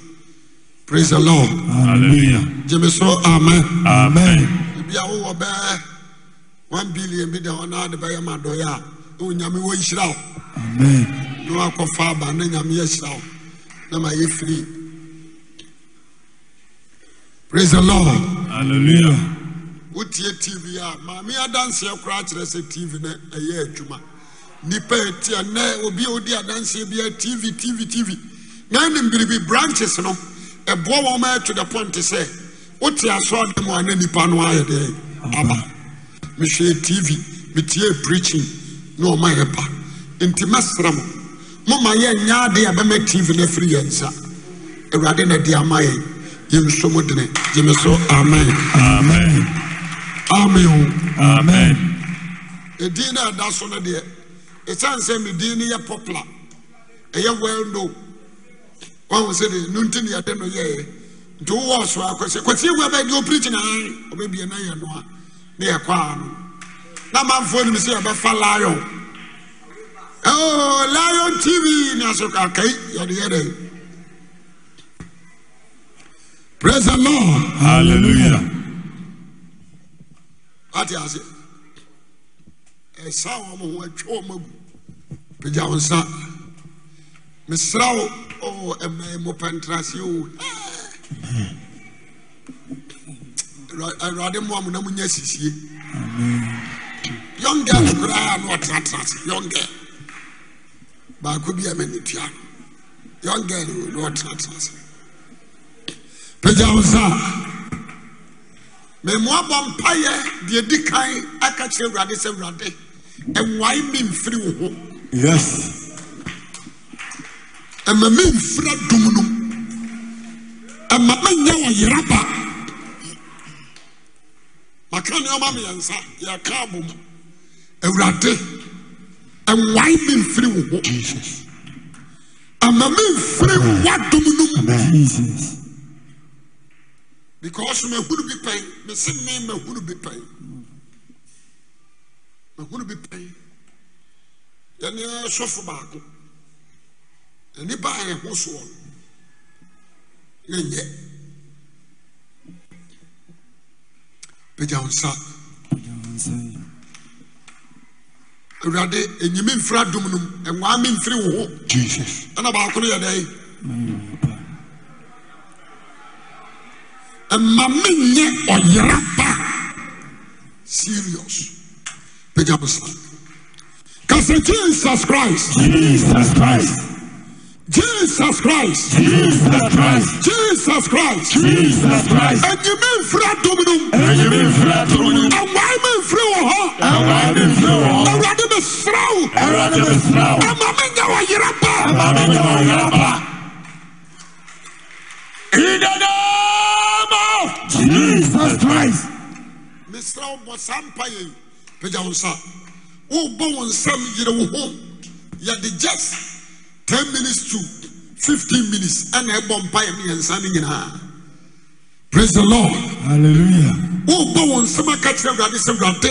praise the lord Hallelujah. gyeme amen amen ebi a wowɔ bɛɛ 1 billion bi da hɔ na ade bɛyɛ ma dɔyɛ a onyame wɔnhyira wo na na nyame yɛhyira wo na ma praise the lord hallelujah wotie tv a maame adanseɛ koraa kyerɛ sɛ tv no ɛyɛ adwuma nipa obi a odi adanseɛ tv tv tv na ɛnim biribi branches no ɛboa wɔn ma the point sɛ wote mu a na nipa no ayɛ dɛ aba mehwɛ tv metie preaching na ɔma yɛ ba nti mɛsrɛ mo moma yɛ nya ade a bɛma tv no afiri yɛn nsa awurade na de ama yɛn yɛnso mu dene gye me so amen amen amen o amen ɛdin no a ɛda so no deɛ ɛsiane sɛ medin no yɛ poplar ɛyɛ well know wahu sɛ de no nti yɛde no yɛɛ nti wowɔ so akɔsɛ kwasi wo abɛde ɔpirikyi na ɔbɛbie no yɛ no ne yɛkɔ a no na manfoɔ se sɛ yɛbɛfa lion oh, lion tv ne aso kakai praise the lord hallelujah ate ase eh, ɛsa wɔn ho atwa wɔn wo mo o eh, awurade mmoa mo na mo nya yɔn ka norɛ a ne ɔtnatna se yn baako biamne ano yn ka nne ɔtata se pagyaho saa memoabɔ mpayɛ deɛdi kan aka kyerɛ wurade sɛ wurade wae memfiri wo ho ɔma memfiri adom nom ɔma mɛnyɛ wɔyeraba maka ne ɔma meyɛnsa yɛaka abom awurade ɛnwae mi nfiri wo ho ama mi nfiri wadom no mu because mahunu bi pɛn mesi ne mahunu bi pɛn mahunu bi pɛn yɛne sɔfo baako ani baa yɛ ho soɔ no ne nyɛ pagya wo nsa awurade enyimi nfiri adum nom enwaa mi nfiri wo ho jesus ɛna baako no yɛ dɛ mma mm. mi nye ɔyera pa serious pagya mi sa kasa jesus christ jesus christ. Jesus Christ. Jesus Christ. Jesus Christ. Jesus Christ. And you mean Fred Dominum? And you mean Fred Dominum? And why me afiri wɔ hɔ awurade bɛsira wo awurade bɛsira wo ama mi nya wɔ yɛrɛ pa ama mi nya wɔ yɛrɛ pa in the name of Jesus Christ mesira wo bɔ saa mpa yɛ yi pagya wo nsa wo bɔ wo nsam yere wo ho yɛde just ten minutes to fifteen minutes ɛna ɛbɔ mpa yɛ mi yɛ nsa ne nyinaa praise the lord hallelujah wọ́ọ̀gbọ́ wọn nsẹ́m akákyerẹ́ awurade sẹ́ awurade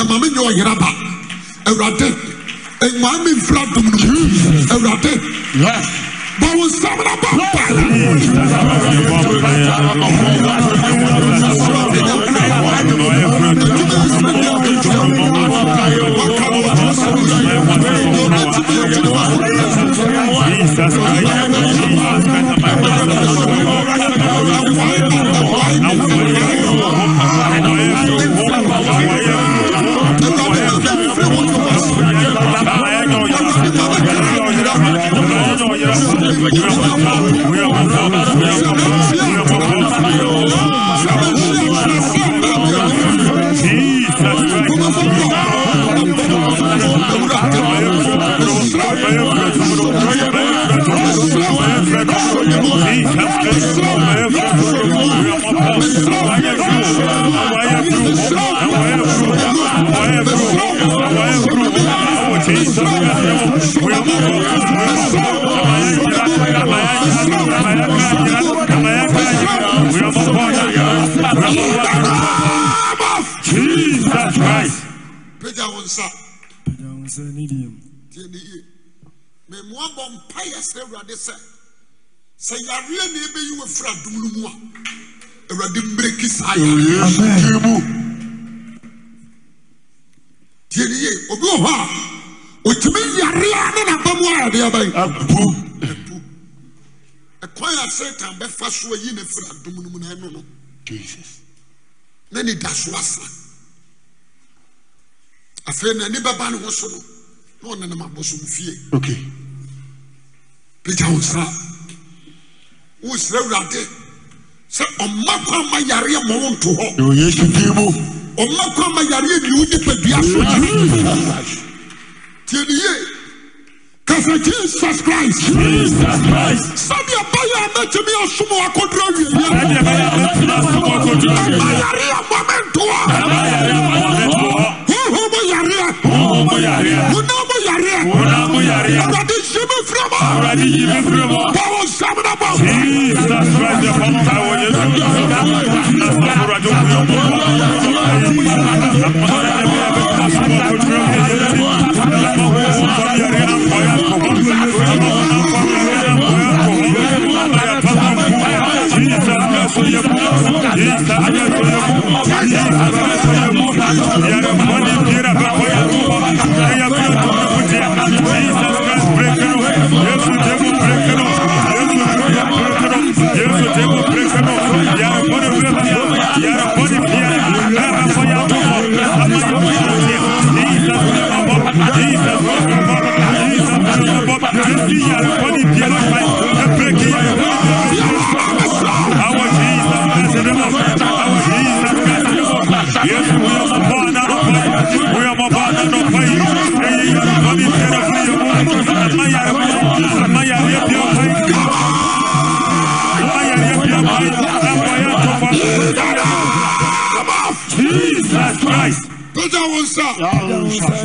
ẹ̀ma mi nyẹ ọ̀yẹ́rẹ́ bá awurade ẹ̀ma mi nfura dumuni wọn náà wọn Jesus tineie mamoabɔ mpa yɛsɛ awurade sɛ sɛ yareɛ neɛ ɛbɛyi wɔ afira ado m no mu a awurade mberɛki saa ya m tieniyi obi ɔhɔ a ɔima aea ne naa mu araeabai ɛkwn asɛ kan bɛfa soa yi ne afira adom no mu na ɛno no ne neda soasa afei na ani bɛba ne ho so no na ɔnenam abosom fie okay pagya wo nsra wosrɛ awurade sɛ ɔma kwan ma yareɛ ma wo nto hɔ yesu din mu ɔma kwan ma yareɛ ne wo nipadua so tie ne yie kasa jesus christ sɛdeɛ bayɛ a mɛtumi asom akɔdura awieɛ ma yareɛ ma me nto hɔ mo yare a. Wuna mo yare a. Wuna mo yare a. Awurade yi mi firi mọ. Awurade yi mi firi mọ. Báwo sábúdà bọ̀. Jesus Christ ẹ̀ fọ́n ta wọ Yesu ní ọ̀gá. Awurade ó kúrò mọ́. Awurade ó kúrò mọ́. Awurade ó kúrò mọ́.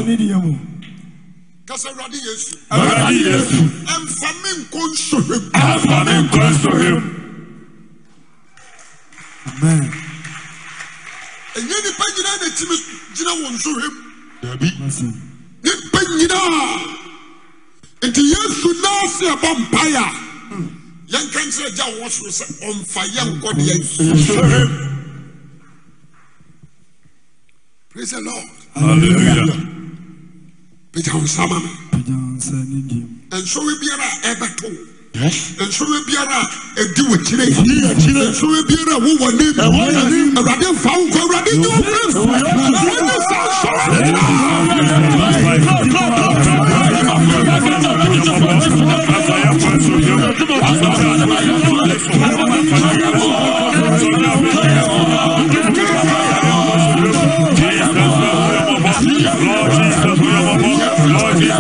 ɛasɛwrade yesmfens ɛɛniɛnyina neii gina o s nɛnyinaa nyes naɛɛbɔ mpaa yɛnkankerɛgya oɔso sɛ ɔmfa yɛnkɔne ɛ prais rda ɛawonsama ma nsom biaraa ɛbato nsom biara adi wo kyirensom biara a wowɔne awurade mfaonkawurade Rafael,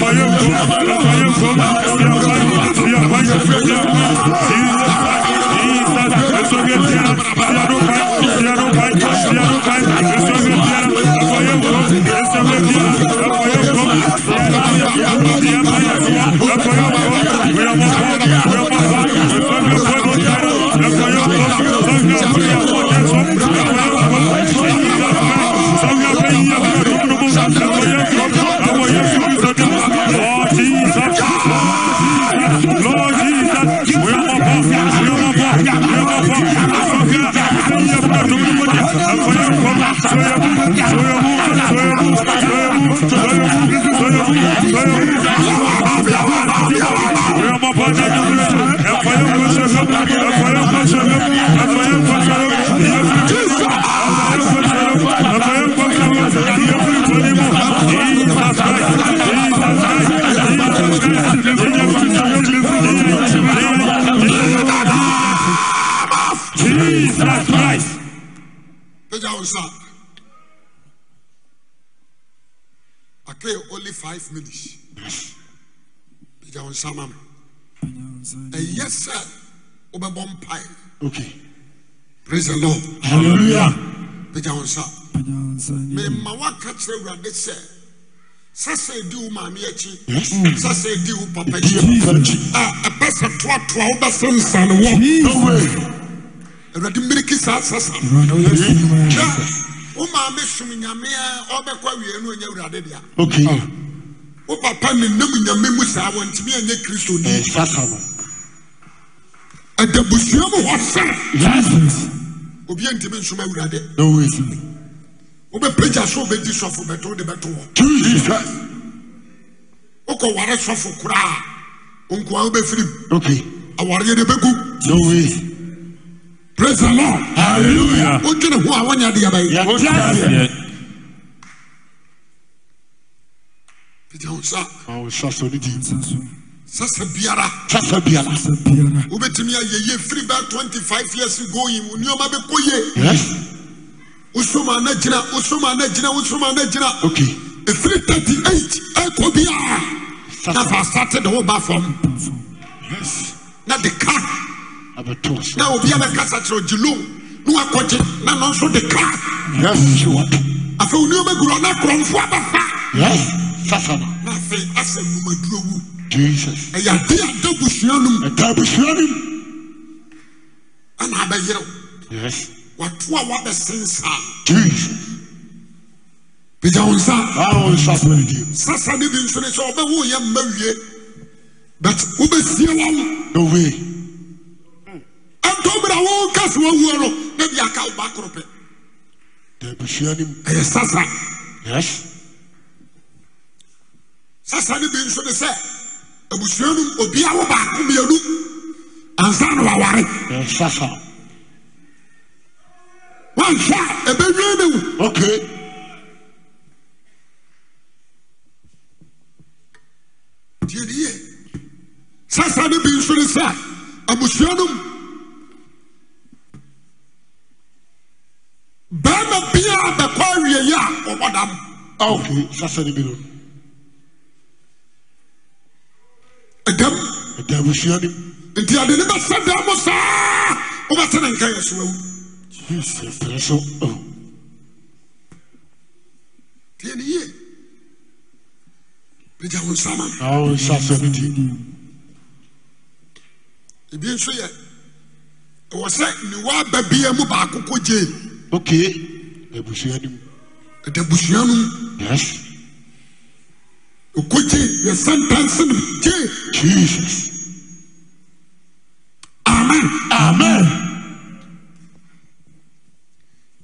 Rafael, Johnson. Okay, only five minutes. Johnson, ma'am. Yes, sir. Obabon pie. Okay. Praise the Lord. Hallelujah. Johnson. Me mawa catch the rabbit, sir. sasa edi wo maame akyi sasa edi wo papa akyi a ɛpɛ sɛ toatoa wobɛsensane wɔ awurade mmiriki saa sasa wo maame som nyame a ɔbɛkɔ awie no ɔnyɛ awurade dea wo papa ne nam nyame mu saa wɔntumi anyɛ kristo ni adabusua mu hɔ sere obi ntumi nsoma awurade wobɛpagya so wobɛdi sɔfo bɛto wode bɛto wɔ wokɔ ware sɔfo koraa nkoa wobɛfirim awareɛ de bɛgu praise the lord hallelujah wodwene ho a wonya deɛ bɛyɛ sasa biara sasa biara wobɛtumi ayɛ yie firi bɛɛ twenty five years ago yi mu nneɛma bɛkɔ yie wosoma na gyina wosoma na gyina wosoma na gyina efiri thirty eight ɛkɔ biara na fa asate de wo ba fam na de ka. abɛto so na obi a bɛkasa kyerɛ gyilum na wakɔgye na no a de kra nso wato afei onneɛma na korɔmfo abɛfa sasana na afei asɛ nnomaduro wu jesus di a busua no mu busua ana abɛyerɛw yes wato ah, a jesus pagya wo nsa awo nsa fún but no way ntbra woka so wawua lo ne biaka woba krɔpɛ ɛuam ɛyɛ sasa s sasa ne binso ne sɛ amusuanom obia wobaakomian ansa ne wware ɛsaa hɛ banim o d sasa ne bi nso ne sɛ amusuanom baababia a bɛkɔ wiɛi a ɔbɔdam nti adene bɛsɛ dam saa wokɛtena nkayɛ soao iɛnyie ɛgao nsan bi no yɛ wɔ sɛ nnewaa ba bia mu baakokɔ gye adauua nom ɔkɔgyi yɛsanpansenoye jsus an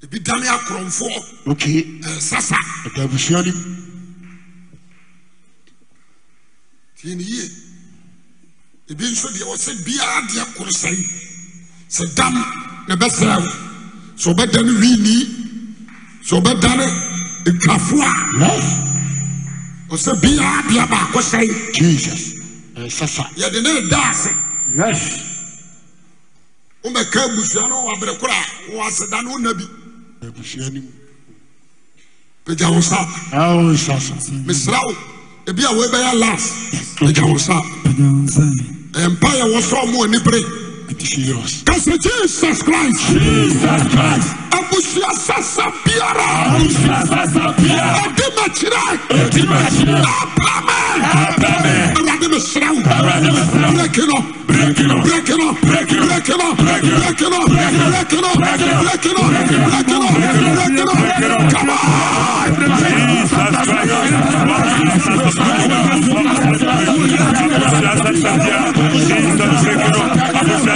ɛbi dane akorɔmfoɔ ɛsasa tiɛneyie bi nso deɛ wɔsɛ biara deɛ koro sɛe sɛ dam ne bɛsrɛ wo sɛ ɔbɛda eh, no wiini sɛ ɔbɛda no atwafo a ɔsɛ biara deɛ baako sɛe jesus ɛnsɛsa yɛde ne ɛda ase yes womɛka abusua no wabere koro a wɔaseda no wona bi abusua no mu pagya wo sa mesra wo ebi a woebɛyɛ las pagya wo sa ɛmpa yɛ wɔ sɛ ɔmo anibere Jesus. Kasi Jesus Christ. Jesus Christ. Abusua sasa biara. Abusua sasa biara. Edi makyire. Edi makyire. Abrame. Abrame. Awurade mi sirawo. Awurade mi sirawo. Breki no. Breki no. Breki no. Breki no. Breki no. Breki no. Breki no. Breki no. Breki no. Breki no. Breki no. Breki no. Breki no. Come on. Jesus Christ. Jesus Breki no. Abusua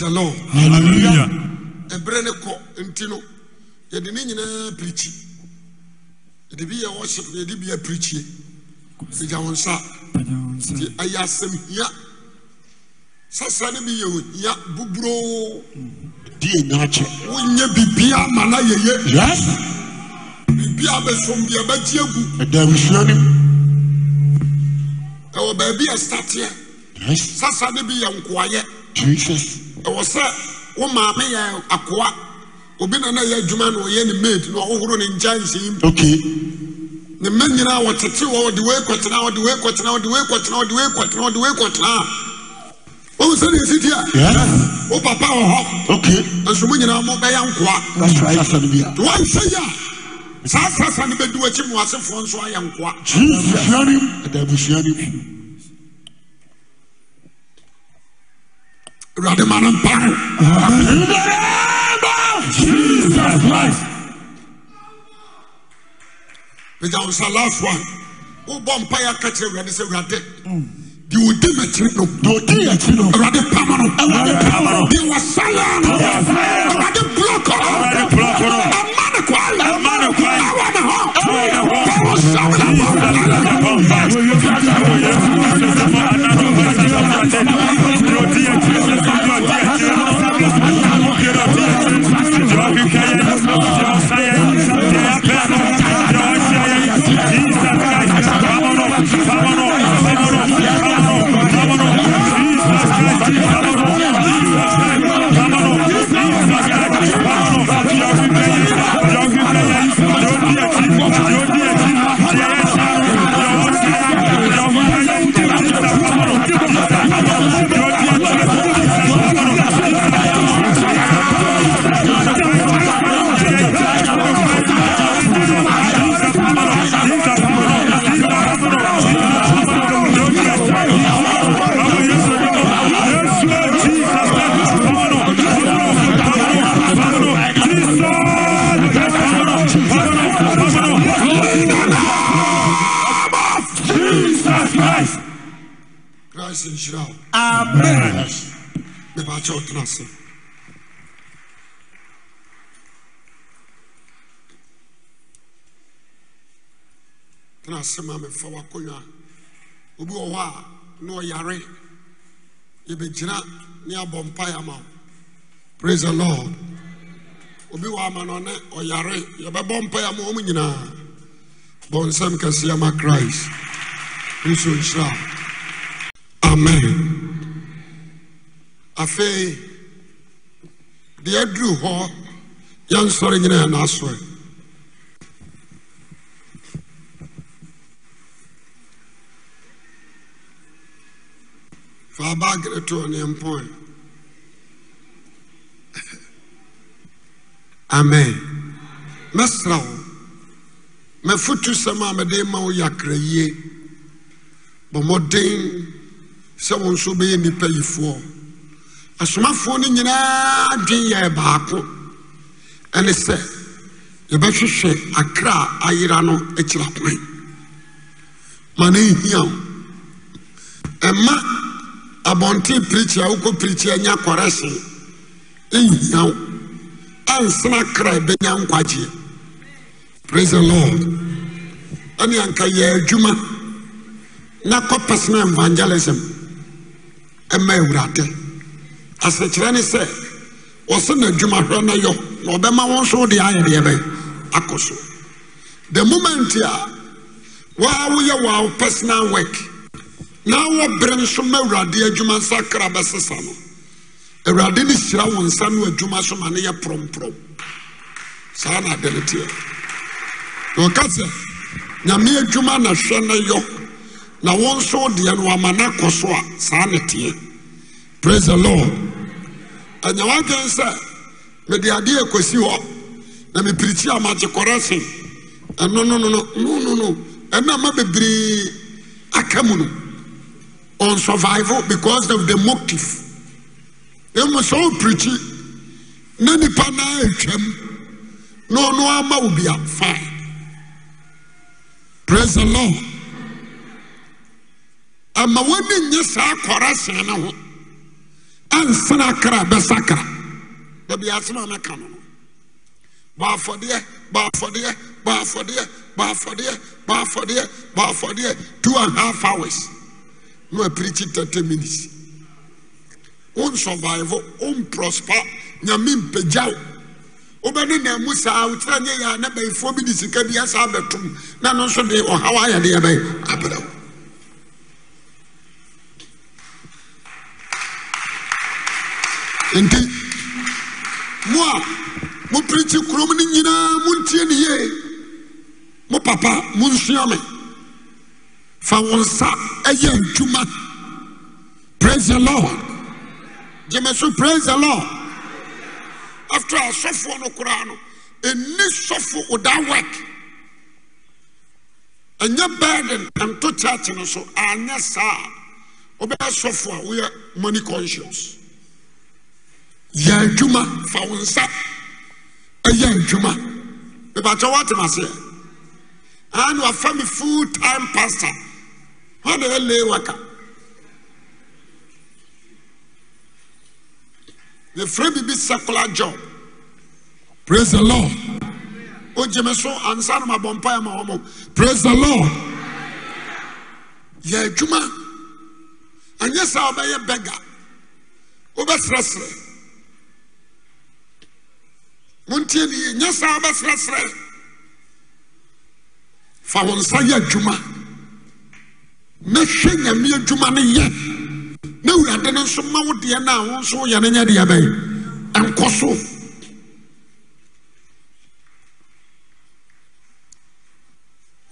praise the lord hallelujah ebere ne kɔ nti no yɛde ne nyinaa pirikyi yɛde bi yɛ worship yɛde bi yɛ pirikyie pagya wɔn nsa nti ayɛ asɛm hia sasa ne bi yɛ ohia buburoo di enya akyɛ wonyɛ bibia ma na yɛyɛ yes bibia bɛsom bi ɛbɛgye egu ɛda nhyia ɛwɔ baabi yɛ stateɛ yes sasa ne bi yɛ nkoayɛ jesus ɛwɔ sɛ wo maame yɛ akoa obi na yɛ adwuma na ɔyɛ ne maid na ɔhohoro ne nkyɛnsee mu okay ne mma nyinaa wɔtete wɔ ɔde wei kɔtena ɔde wei kɔtena ɔde wei kɔtena ɔde wei kɔtena ɔde wei kɔtena a wɔn esi di a wo papa wɔ hɔ okay nyinaa mo bɛyɛ nkoa wɔn sɛ yɛ saa sasa ne bɛ di wɔn akyi mu asefoɔ nso ayɛ nkoa jesus yanim awurade ma no mpa jesus christ pagya wo the last one wobɔ mpa yɛ aka kyerɛ awurade sɛ awurade di o di na kiri no. di o di na kiri no. awurade pama no. awurade pama no. man wa sala no. awurade buloko. awurade buloko no. ama ne kwa ala. ama ne kwa ala. awa ne hɔ. awa ne hɔ. bawo sabu na bɔ. bawo sabu na bɔ. bawo sabu na bɔ. bawo sabu na bɔ. fa w'akonnwa obi wɔ hɔ a na ɔyare yɛbɛgyina ne abɔ mpae ama wo praise the lord obi wɔ ama no ɔne ɔyare yɛbɛbɔ mpae ama wɔn nyinaa bɔ nsɛm kɛseɛ ma christ nso nhyira amen afei deɛ aduru hɔ yɛnsɔre nyina na asoɛ fa baagere to ne mpɔn amen mɛsra wo mɛfotu sɛm a mɛde ma wo yakra yie bɔ mmɔden sɛ wo nso bɛyɛ nnipa yifoɔ asomafoɔ no nyinaa dwen yɛ baako ɛne sɛ yɛbɛhwehwɛ akra a ayera no akyira kwan ma ne nhia wo ɛma abɔnten pirikyi a wokɔ pirikyi anya kɔrɛhye nhia wo ɛnsena kra bɛnya nkwagyeɛ praise the lord ɛne anka yɛ adwuma na kɔ personal evangelism ɛma awurade asɛkyerɛ ne sɛ wɔsɛ n'adwuma hwɛ no yɔ na ɔbɛma wɔn nso de ayɛ deɛ bɛyɛ akɔ so the moment a waa woyɛ waa personal work na wɔbrɛ nso ma awurade adwuma nsa kra bɛsesa no awurade ne hyira wo nsa no adwuma so ma ne yɛ prɔmprɔm saa na ade ne teɛ na ɔka sɛ nyame adwuma na hwɛ ne yɔ na wɔn nso deɛ no wama no akɔ so a saa ne teɛ praise the lord ɛnyɛ wadwen sɛ mede adeɛ akɔsi hɔ na mepirikyi amagye kɔrɛsen ɛno no no no no no no ɛna ma bebree aka mu no on survival because of the motive must all preach. No nipa naa atwam na ɔno ama wo bia fine praise the lord ama w'ani nye saa kɔrɛsɛn no ho ansana kra bɛsakra baabi asɛm a mɛka no no baafɔdeɛ baafɔdeɛ baafɔdeɛ baafɔdeɛ baafɔdeɛ baafɔdeɛ two and a half hours n apreki 30 minuts wonsuvivo wonprɔspa nyamempagyan wobɛne nemu saa wotirɛ nyɛ yɛ a ne bayifoɔ bi de sika biasaa bɛtom na no nso de ɔha wayɛde yɛ bɛ abrɛ wo nti mo a moprekyi krom ne nyinaa montie ne yie mo papa monsua me fa wo sa ɛyɛ Juma. praise the lord gyeme so praise the lord after asɔfoɔ no koraa no ɛni sɔfo ɔda work ɛnyɛ burden ɛnto church no so anyɛ saa a wobɛyɛ sɔfo a woyɛ money conscious yɛ adwuma fa wo nsa ɛyɛ adwuma mebakyɛ woatem aseɛ ɛne wafa me full time pastor How hɔ na ɛlee waka yɛfrɛ biribi secular job praise the lord ogye me so ansa no mabɔ mpaeɛ ma wɔmɔ praise the lord yɛ adwuma ɛnyɛ sɛ wobɛyɛ bɛga wobɛserɛserɛ montie ne yie nyɛ saa wobɛserɛserɛ fa wo nsa yɛ adwuma na hwɛ nyame adwuma no yɛ na awurade no nso ma wo deɛ no a wo nso woyɛ no nyɛ deɛ bɛyɛ ɛnkɔ so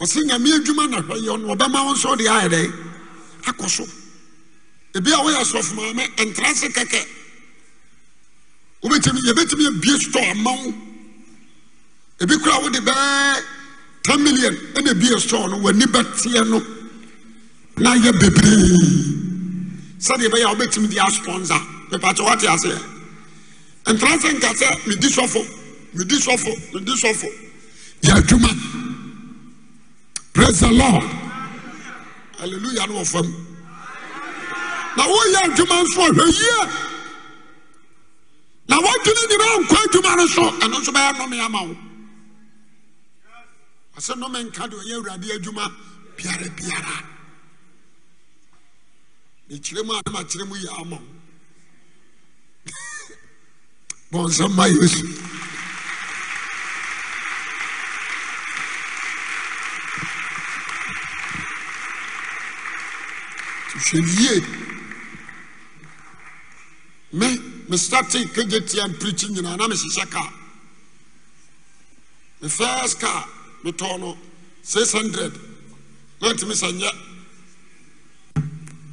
ɔsɛ nyame adwuma na hwɛ yɛ no ɔbɛma wo nso deɛ ayɛ dɛn akɔ so ebi a woyɛ sɔfomaame ɛntra se kɛkɛ wobɛtumi yɛbɛtumi abie store ama wo ebi koraa wode bɛɛ ten million ɛna ebie store no w'ani bɛteɛ no na yɛ bebree sɛdeɛ bɛyɛ a wobɛtumi de asponsor mepakyɛ wate aseɛ ntena sɛ nka sɛ medi sɔfo medi sɔfo medi sɔfo yɛ adwuma praise the lord hallelujah no wɔ na woyɛ adwuma nso ɔhwɛ yie na woadwene nyinaa nkɔ adwuma no so ɛno nso bɛyɛ nnome ama wo ɔsɛ nnome nka deɛ ɔyɛ awurade adwuma biara biara nikyerɛm a ne makyerɛ mu yɛama bnsɛ ma yɛso iwɛie me mesate kejetan preachin nyinaa na mehyehyɛ kaa mefɛɛs kar metɔɔno 600 nati mesɛnyɛ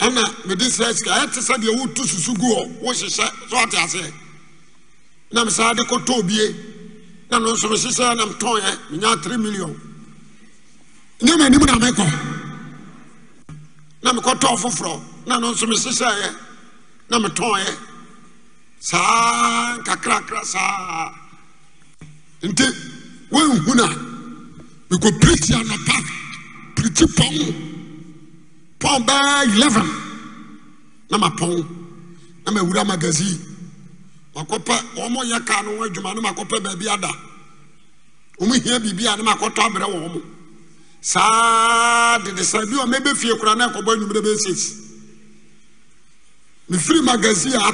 ɛna mede srɛ sika ɛte sɛ deɛ wotu susu gu hɔ wohyehyɛ so ate aseɛ na mesaa de kɔtɔɔ bie na no nso mehyehyɛ na metɔnɛ menya 3 million anim na na foforɔ na no nso na metɔnɛ saa nkakrakra saa nti na pɔn bɛɛ 11 ne mapɔn na mawura magazine kɔ mɔyɛ ka no adwuman kɔ baabi ada ɔha brbin ɔɛ ɔsaa dedesɛe n ɛ mefir magzin a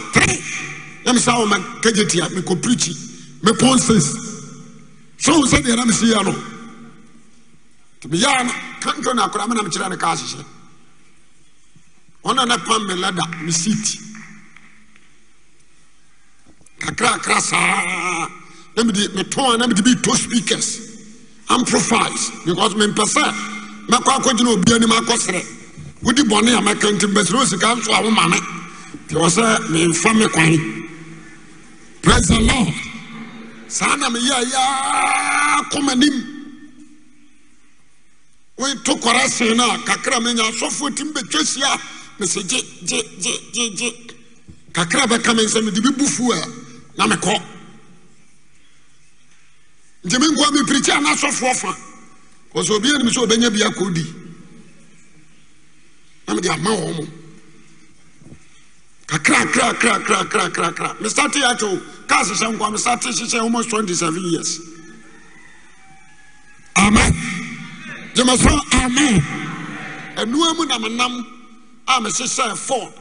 ne mesɛ kagytia mekɔpki mɛpɔssɛniɛknaa mnamkyerɛ no ka hyehyɛ ɔna na kwame lada ne seat kakrakra saa na mede metɔn a na mede bi tɔ speakers amplifies because mempɛ sɛ mɛkɔ akɔgyina obi anim akɔserɛ wodi bɔne a mɛka nti mbɛsrɛ o sika nso a woma me wɔ sɛ memfa me kwan praise the lord saa na meyɛ yɛa kɔmanim woto kɔra sen no a kakra menya asɔfoɔ tim bɛtwa sia mese gye gye gye gye gye kakra bɛka me nsa mede bi bu fu a na mekɔ nti menkɔ mepirikyi anaasɔfoɔ fa kɔsɛ obi anim sɛ ɔbɛnya bi akɔ di na mede ama wɔ mo hyehyɛ hyehyɛ almost 27 years amen gyema sɛ amen ɛnoa mu na menam I'm ah, a sister. ford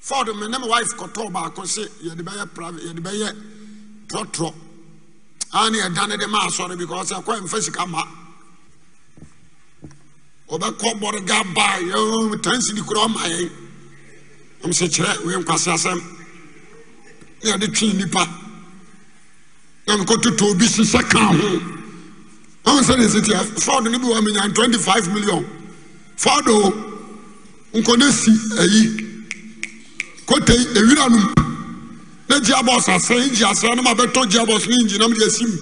ford me ne me wife kɔtɔɔ baako se yɛde bɛyɛ private yɛde bɛyɛ trɔtrɔ a ne yɛda ne de ma asɔre because I'm ɛkɔ mfa sika ma ɔbɛkɔ bɔrega baa yɛn tansidi kura ɔma yɛn ɔmo sɛ kyerɛ oye nkwasi asɛm ne yɛde twi nipa na ne ko toto obi sisɛ kan ho ɔmo sɛ ne si tiɛ ford ne bi wɔ mi nya twenty five million ford oh nkɔda si ayi kotei ewira no mu ne gearbox asɛn gye asɛn no ma bɛtɔ gearbox ne engine nam de asi mu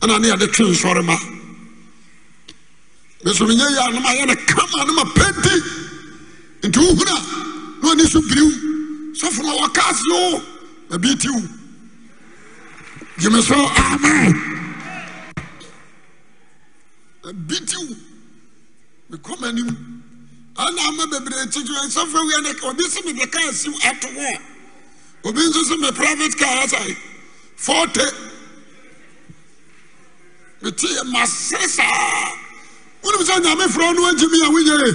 ɛna ne yɛde twe nsɔre ma nso menyɛ yɛ a no ma kama no ma pɛnti nti wohunu a na ani so biriw sɔfo no ɔwɔ kaase o abi ti wo gye me so amen abi ti wo mekɔ m'anim ɛna ama bebree ti dwa nsɔfo wia ne obi si mi de kaa si ato hɔ obi nso si mi private car asa forty mi ti yɛ ma se saa wɔn mi sɛ nyame fura ɔno agyi mi a wonye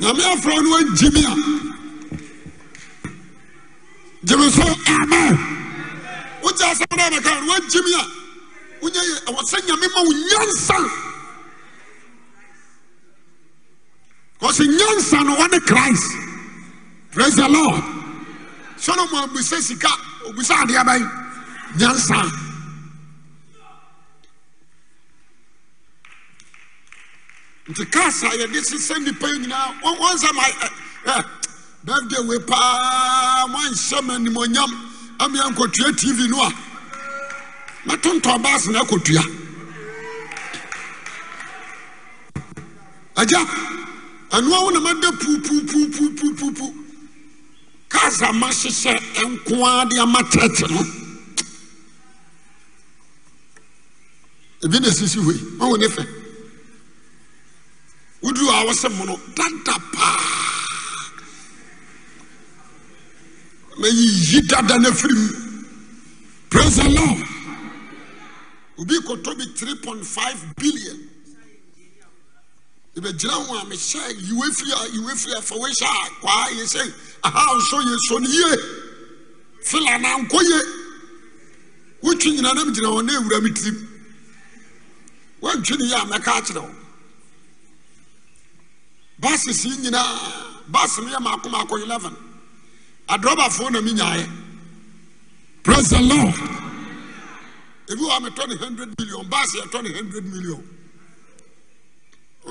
nyame afura ɔno agyi a gyimi so amen wogye asɛm na ɛna kaa ɔno agyi Jimmy. a wonye yɛ ɛwɔ sɛ nyame ma wo nyansa. because in nyansa no one christ praise the lord solomon say sika obisa adeɛ bɛyi nyansa. nti cars a yɛde sesɛ nnipa nyinaa wɔnsɛ ma eh, eh, birthday wei paa moanhyɛ ma animonyam amea nkɔtua tv no a mɛtontɔ bas na akɔtua Aja ɛnoa wo namada pupupupupupu cars a mahyehyɛ nko ara de ama tɛte no ebi na esisi hɔ yi wɔn wɔ ne fɛ woduru a wɔsɛ mono dada paa na yiyi dada na firi mu praise the lord obi kɔtɔ bi three point five billion. If you are a yiwe firi a fɔwe a kwaa aha nso yɛ so ne yie fila na nko yie gyina hɔ na ewura mi tirim wɔntwi ne yie a mɛka akyerɛ baasi si nyinaa baasi mi yɛ maako maako eleven na mi praise the lord ebi a mi hundred million baasi hundred million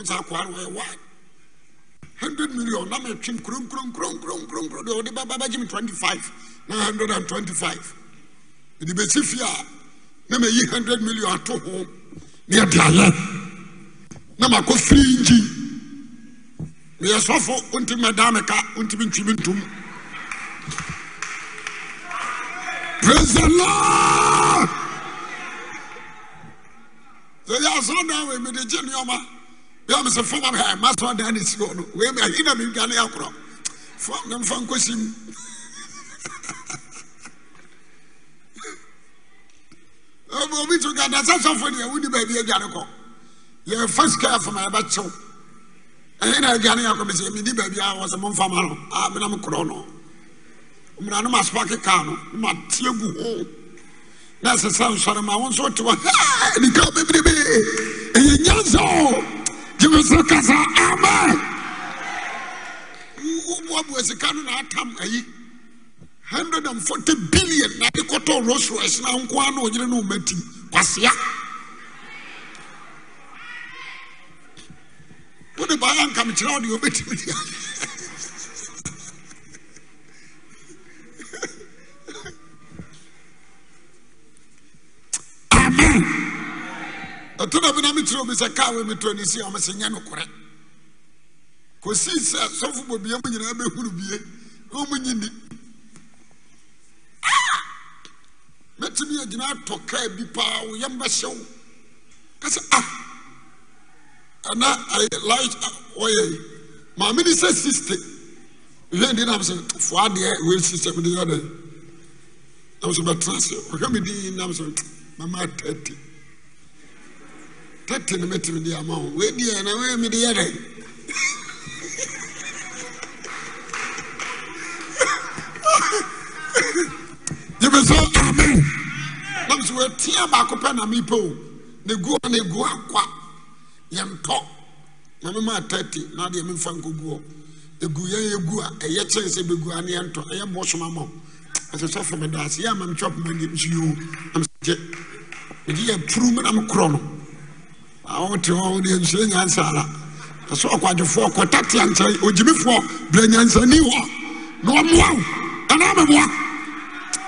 nsa akwari wɔ ɛwa hundred million na ma etwi nkuro nkuro nkuro nkuro nkuro nkuro deɛ ɔde baba bɛgye mi twenty five na hundred and twenty five ɛdi bɛ si fi a na ma yi hundred million ato ho na yɛ de ayɛ na ma kɔ firi ngyin meyɛ sɔfo wontimi mɛdaa me ka wontimi ntwimi ntom praise the lord sɛ yɛ asɔrɔ daa wei mede gye nneɔma yà mi sẹ fọm abẹ ha ma sọ dan ne si wọn wee mi ayi na mi dwa ne akorɔ fọm na nfa nkosi mu ọmọ obi tún ka dasa sọfọ ni ewu ni baabi edwane kɔ yɛ fa sika afọmọ ɛbɛ kyew ɛyɛ na edwane akɔ mi sɛ mi ni baabi a wɔsɛ mo nfa ma no a mi nam korɔ no mìíràn no ma spark car no no ma tie gu hoo na sɛ sɛ nsɔrɔ ma wɔn nso te wɔ haa nika bebrebe ɛyɛ nyansa o gyeme so kasa amen woboaboa sika no naatam ayi 140 billion na de kɔtɔ rolls royce na nko ara na ɔnyere no ɔmatim kwasea wode baayɛ nkamekyerɛ wode ɔbɛtimi dea amen ɛto da bi na mekyerɛ obi sɛ kaa wei metɔ ne si a ɔmɛ sɛ nyɛ nokorɛ kɔsii sɛ sɔfo bɔbia mu nyinaa bɛhunu bie na ɔmu nyini mɛtumi agyina atɔ kaa bi paa wo yɛm bɛhyɛ wo ka sɛ a ɛna ayɛ light ɔyɛ maame ne sɛ siste hwɛ ndi nam sɛ foa deɛ wei siste mede yɛ dɛn nam so bɛtena ase ɔhwɛ me din nam sɛ mama atati thirty no mɛtumi de ama ho wei deɛ na wei mi de yɛ dɛ yɛbɛ sɛ amen nam sɛ wɔatia baako pɛ na mepɛ o na gu a na gu akwa yɛntɔ na mema thirty na deɛ memfa nkɔguɔ ɛgu yɛ yɛgu a ɛyɛ kyɛn sɛ bɛgu a ne yɛntɔ ɛyɛ bɔ soma ma o ɛsɛ sɛ fɛmɛdaase yɛ ama metwɛ poma nyɛ yɛ na no wote hɔ to nhyɛ nyansa ara ɛsɛ ɔkwadwofoɔ kɔtatea nkyɛn ogyimifoɔ brɛ nyansani hɔ na ɔmmoa wo ɛna meboa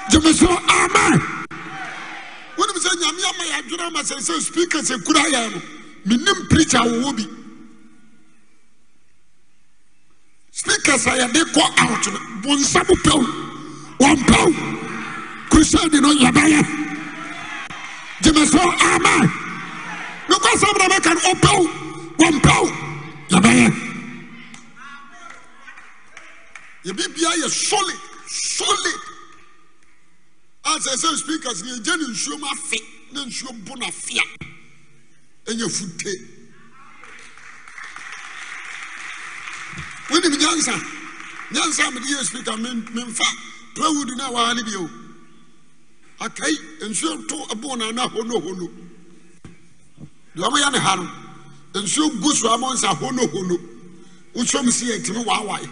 gyeme so amen wonim sɛ nyame ama yɛadwene ma sɛ sɛ speaker sɛ yɛ no menim preacher wowɔ bi speakers a yɛde kɔ out no bonsa mo pɛw wɔmpɛw crusade no yɛbɛyɛ gyeme so amen nkɛmɛkan ɔw mpaw ɛ yɛbibia yɛ sole sole a sɛ sɛ speakers ne ɛgyene nsuom afi ne nsuo bona fia ɛnya fute woninansa nansa mede yɛ speake memfa prawodu no waane bio akae nsuo to ɛbonaana honohono deɛ ɔmoyɛ ne ha no nsuo gu so ama nsa honohono wosɔm si yɛntimi waawae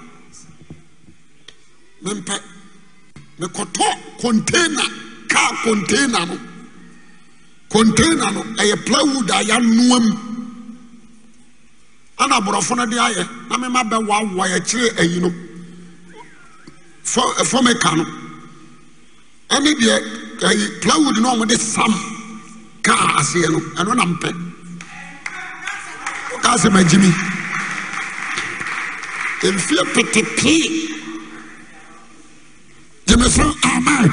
mempɛ mekɔtɔ kɔntaina kaa kɔntaina no kɔntaina no ɛyɛ plywood a yɛanoa mu ana aborɔfo no de ayɛ na mema bɛwaawae akyire ayi no fɔmeka no ɛne deɛ plywood no ɔmode sam kaa aseɛ no ɛno na mpɛ asɛ magyimi mfie petepee gyeme so amen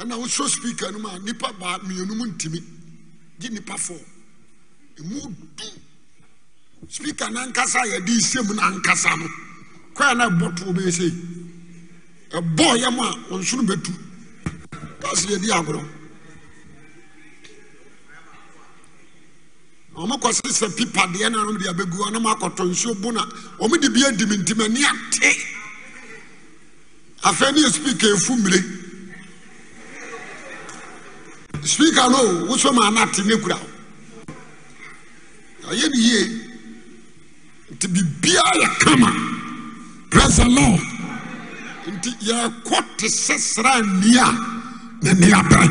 ɛna wosɔ speaker no mu a nnipa baa mmienu mu ntimi gye nnipa fɔ ɛmu du speaker nankasa a yɛde nsɛm nankasa no kɔɛ na ɛbɔ too bɛyɛ sɛ ɛbɔɔ yɛ mu a ɔnsono bɛtu kaa sɛ yɛde agorɔ I'm sɛ pipa deɛ na wɔn de abegu wɔn anam akɔtɔ nsuo bu na wɔn de bi edi ni ate afɛn ne yɛ speaker efu mmire speaker no wosɔ ma anate ne kura ɔyɛ ne yie nti biribiara yɛ kama praise the lord nti yɛkɔ te sɛ sra nia na nia bɛrɛ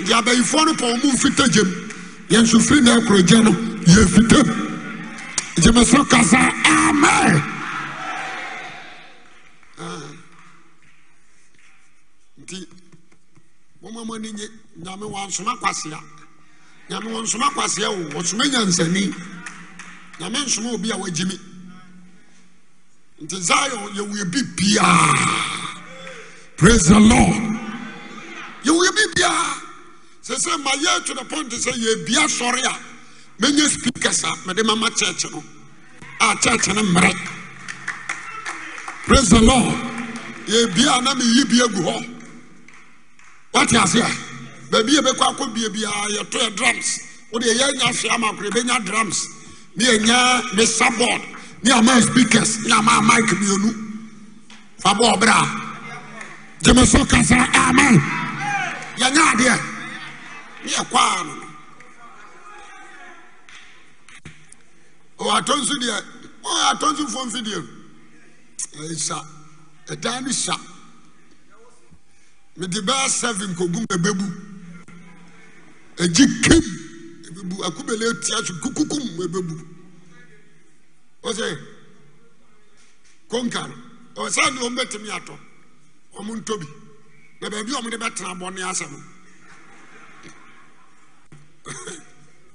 nti abayifoɔ no pɔn mu nfi tɛgyem. yɛn nso firi na akurogya no yɛ fitam gyeme so kasa amen ah. nti wɔn mo ani nye nyame wɔn nsoma kwasia nyame wɔn nsoma kwasia wo wɔsoma nyansani nyame nsoma obi a wagyimi nti zion yɛwɔ ebi biara praise the lord yɛwɔ ebi biara. sɛ sɛ ma yɛ to the point sɛ yɛbia sɔre a mɛnyɛ speakers a mɛde mama church no a ah, church no mmerɛ praise the lord yɛbia a na meyi bi agu hɔ wate ase a baabi a bɛkɔ akɔ bie biara yɛto yɛ drums wode yɛyɛ nya hwee ama koro yɛbɛnya drums ne yɛnya ne sabord ne ama speakers ne ama mic mmienu fa bɔɔ berɛ a gyeme so kasa amen yɛnya adeɛ yɛkɔa no no ɔatɔ nso deɛ ɔatɔ nso fo mfi deɛ ɛsa ɛdan no sa mede bɛyɛ seven kɔgu ɛbɛbu ɛgyi kim ɛbɛbu akubele atia so kukukum ɛbɛbu ɔsɛ konka no ɔsɛ ne ɔmbɛtumi atɔ ɔmo ntɔ bi na baabi a ɔmo de bɛtena abɔ ne no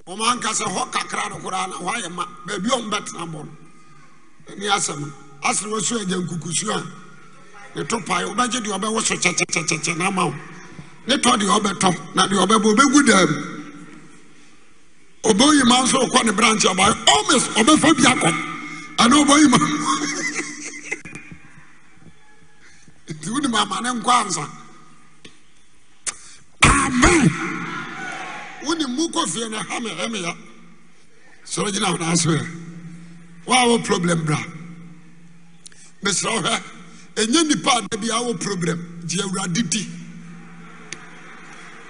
ɔmanka ankasa hɔ kakra no koraa na ma baabi ɔm bɛtena bɔ no ɛni asɛm asere wasu agya nkukusuo a ne to pae wobɛgye deɛ ɔbɛwo so kyɛkyɛkyɛkyɛkyɛ na ama ne tɔ deɛ ɔbɛtɔ na deɛ ɔbɛbɔ ɔbɛgu ọbụ. mu ɔbɛyi ma nso ɔkɔ ne branch aba ɔbɛfa bi akɔ ɛna ma nti wonim ndị ne nkɔ ansa amen wone mu kɔ fie no ha me ɛmeya sɛ wogyina wonaa so ɛ woa wo problem bra mesrɛ wo hwɛ ɛnyɛ nnipa a da bia wo problem gye awurade di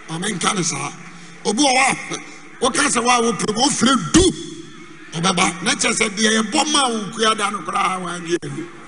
amenka saa obi wɔ wa woka sɛ woa wo problem wofrɛ du ɔbɛba na kyerɛ sɛ deɛ yɛbɔ ma wo nkuada no koraa waanwie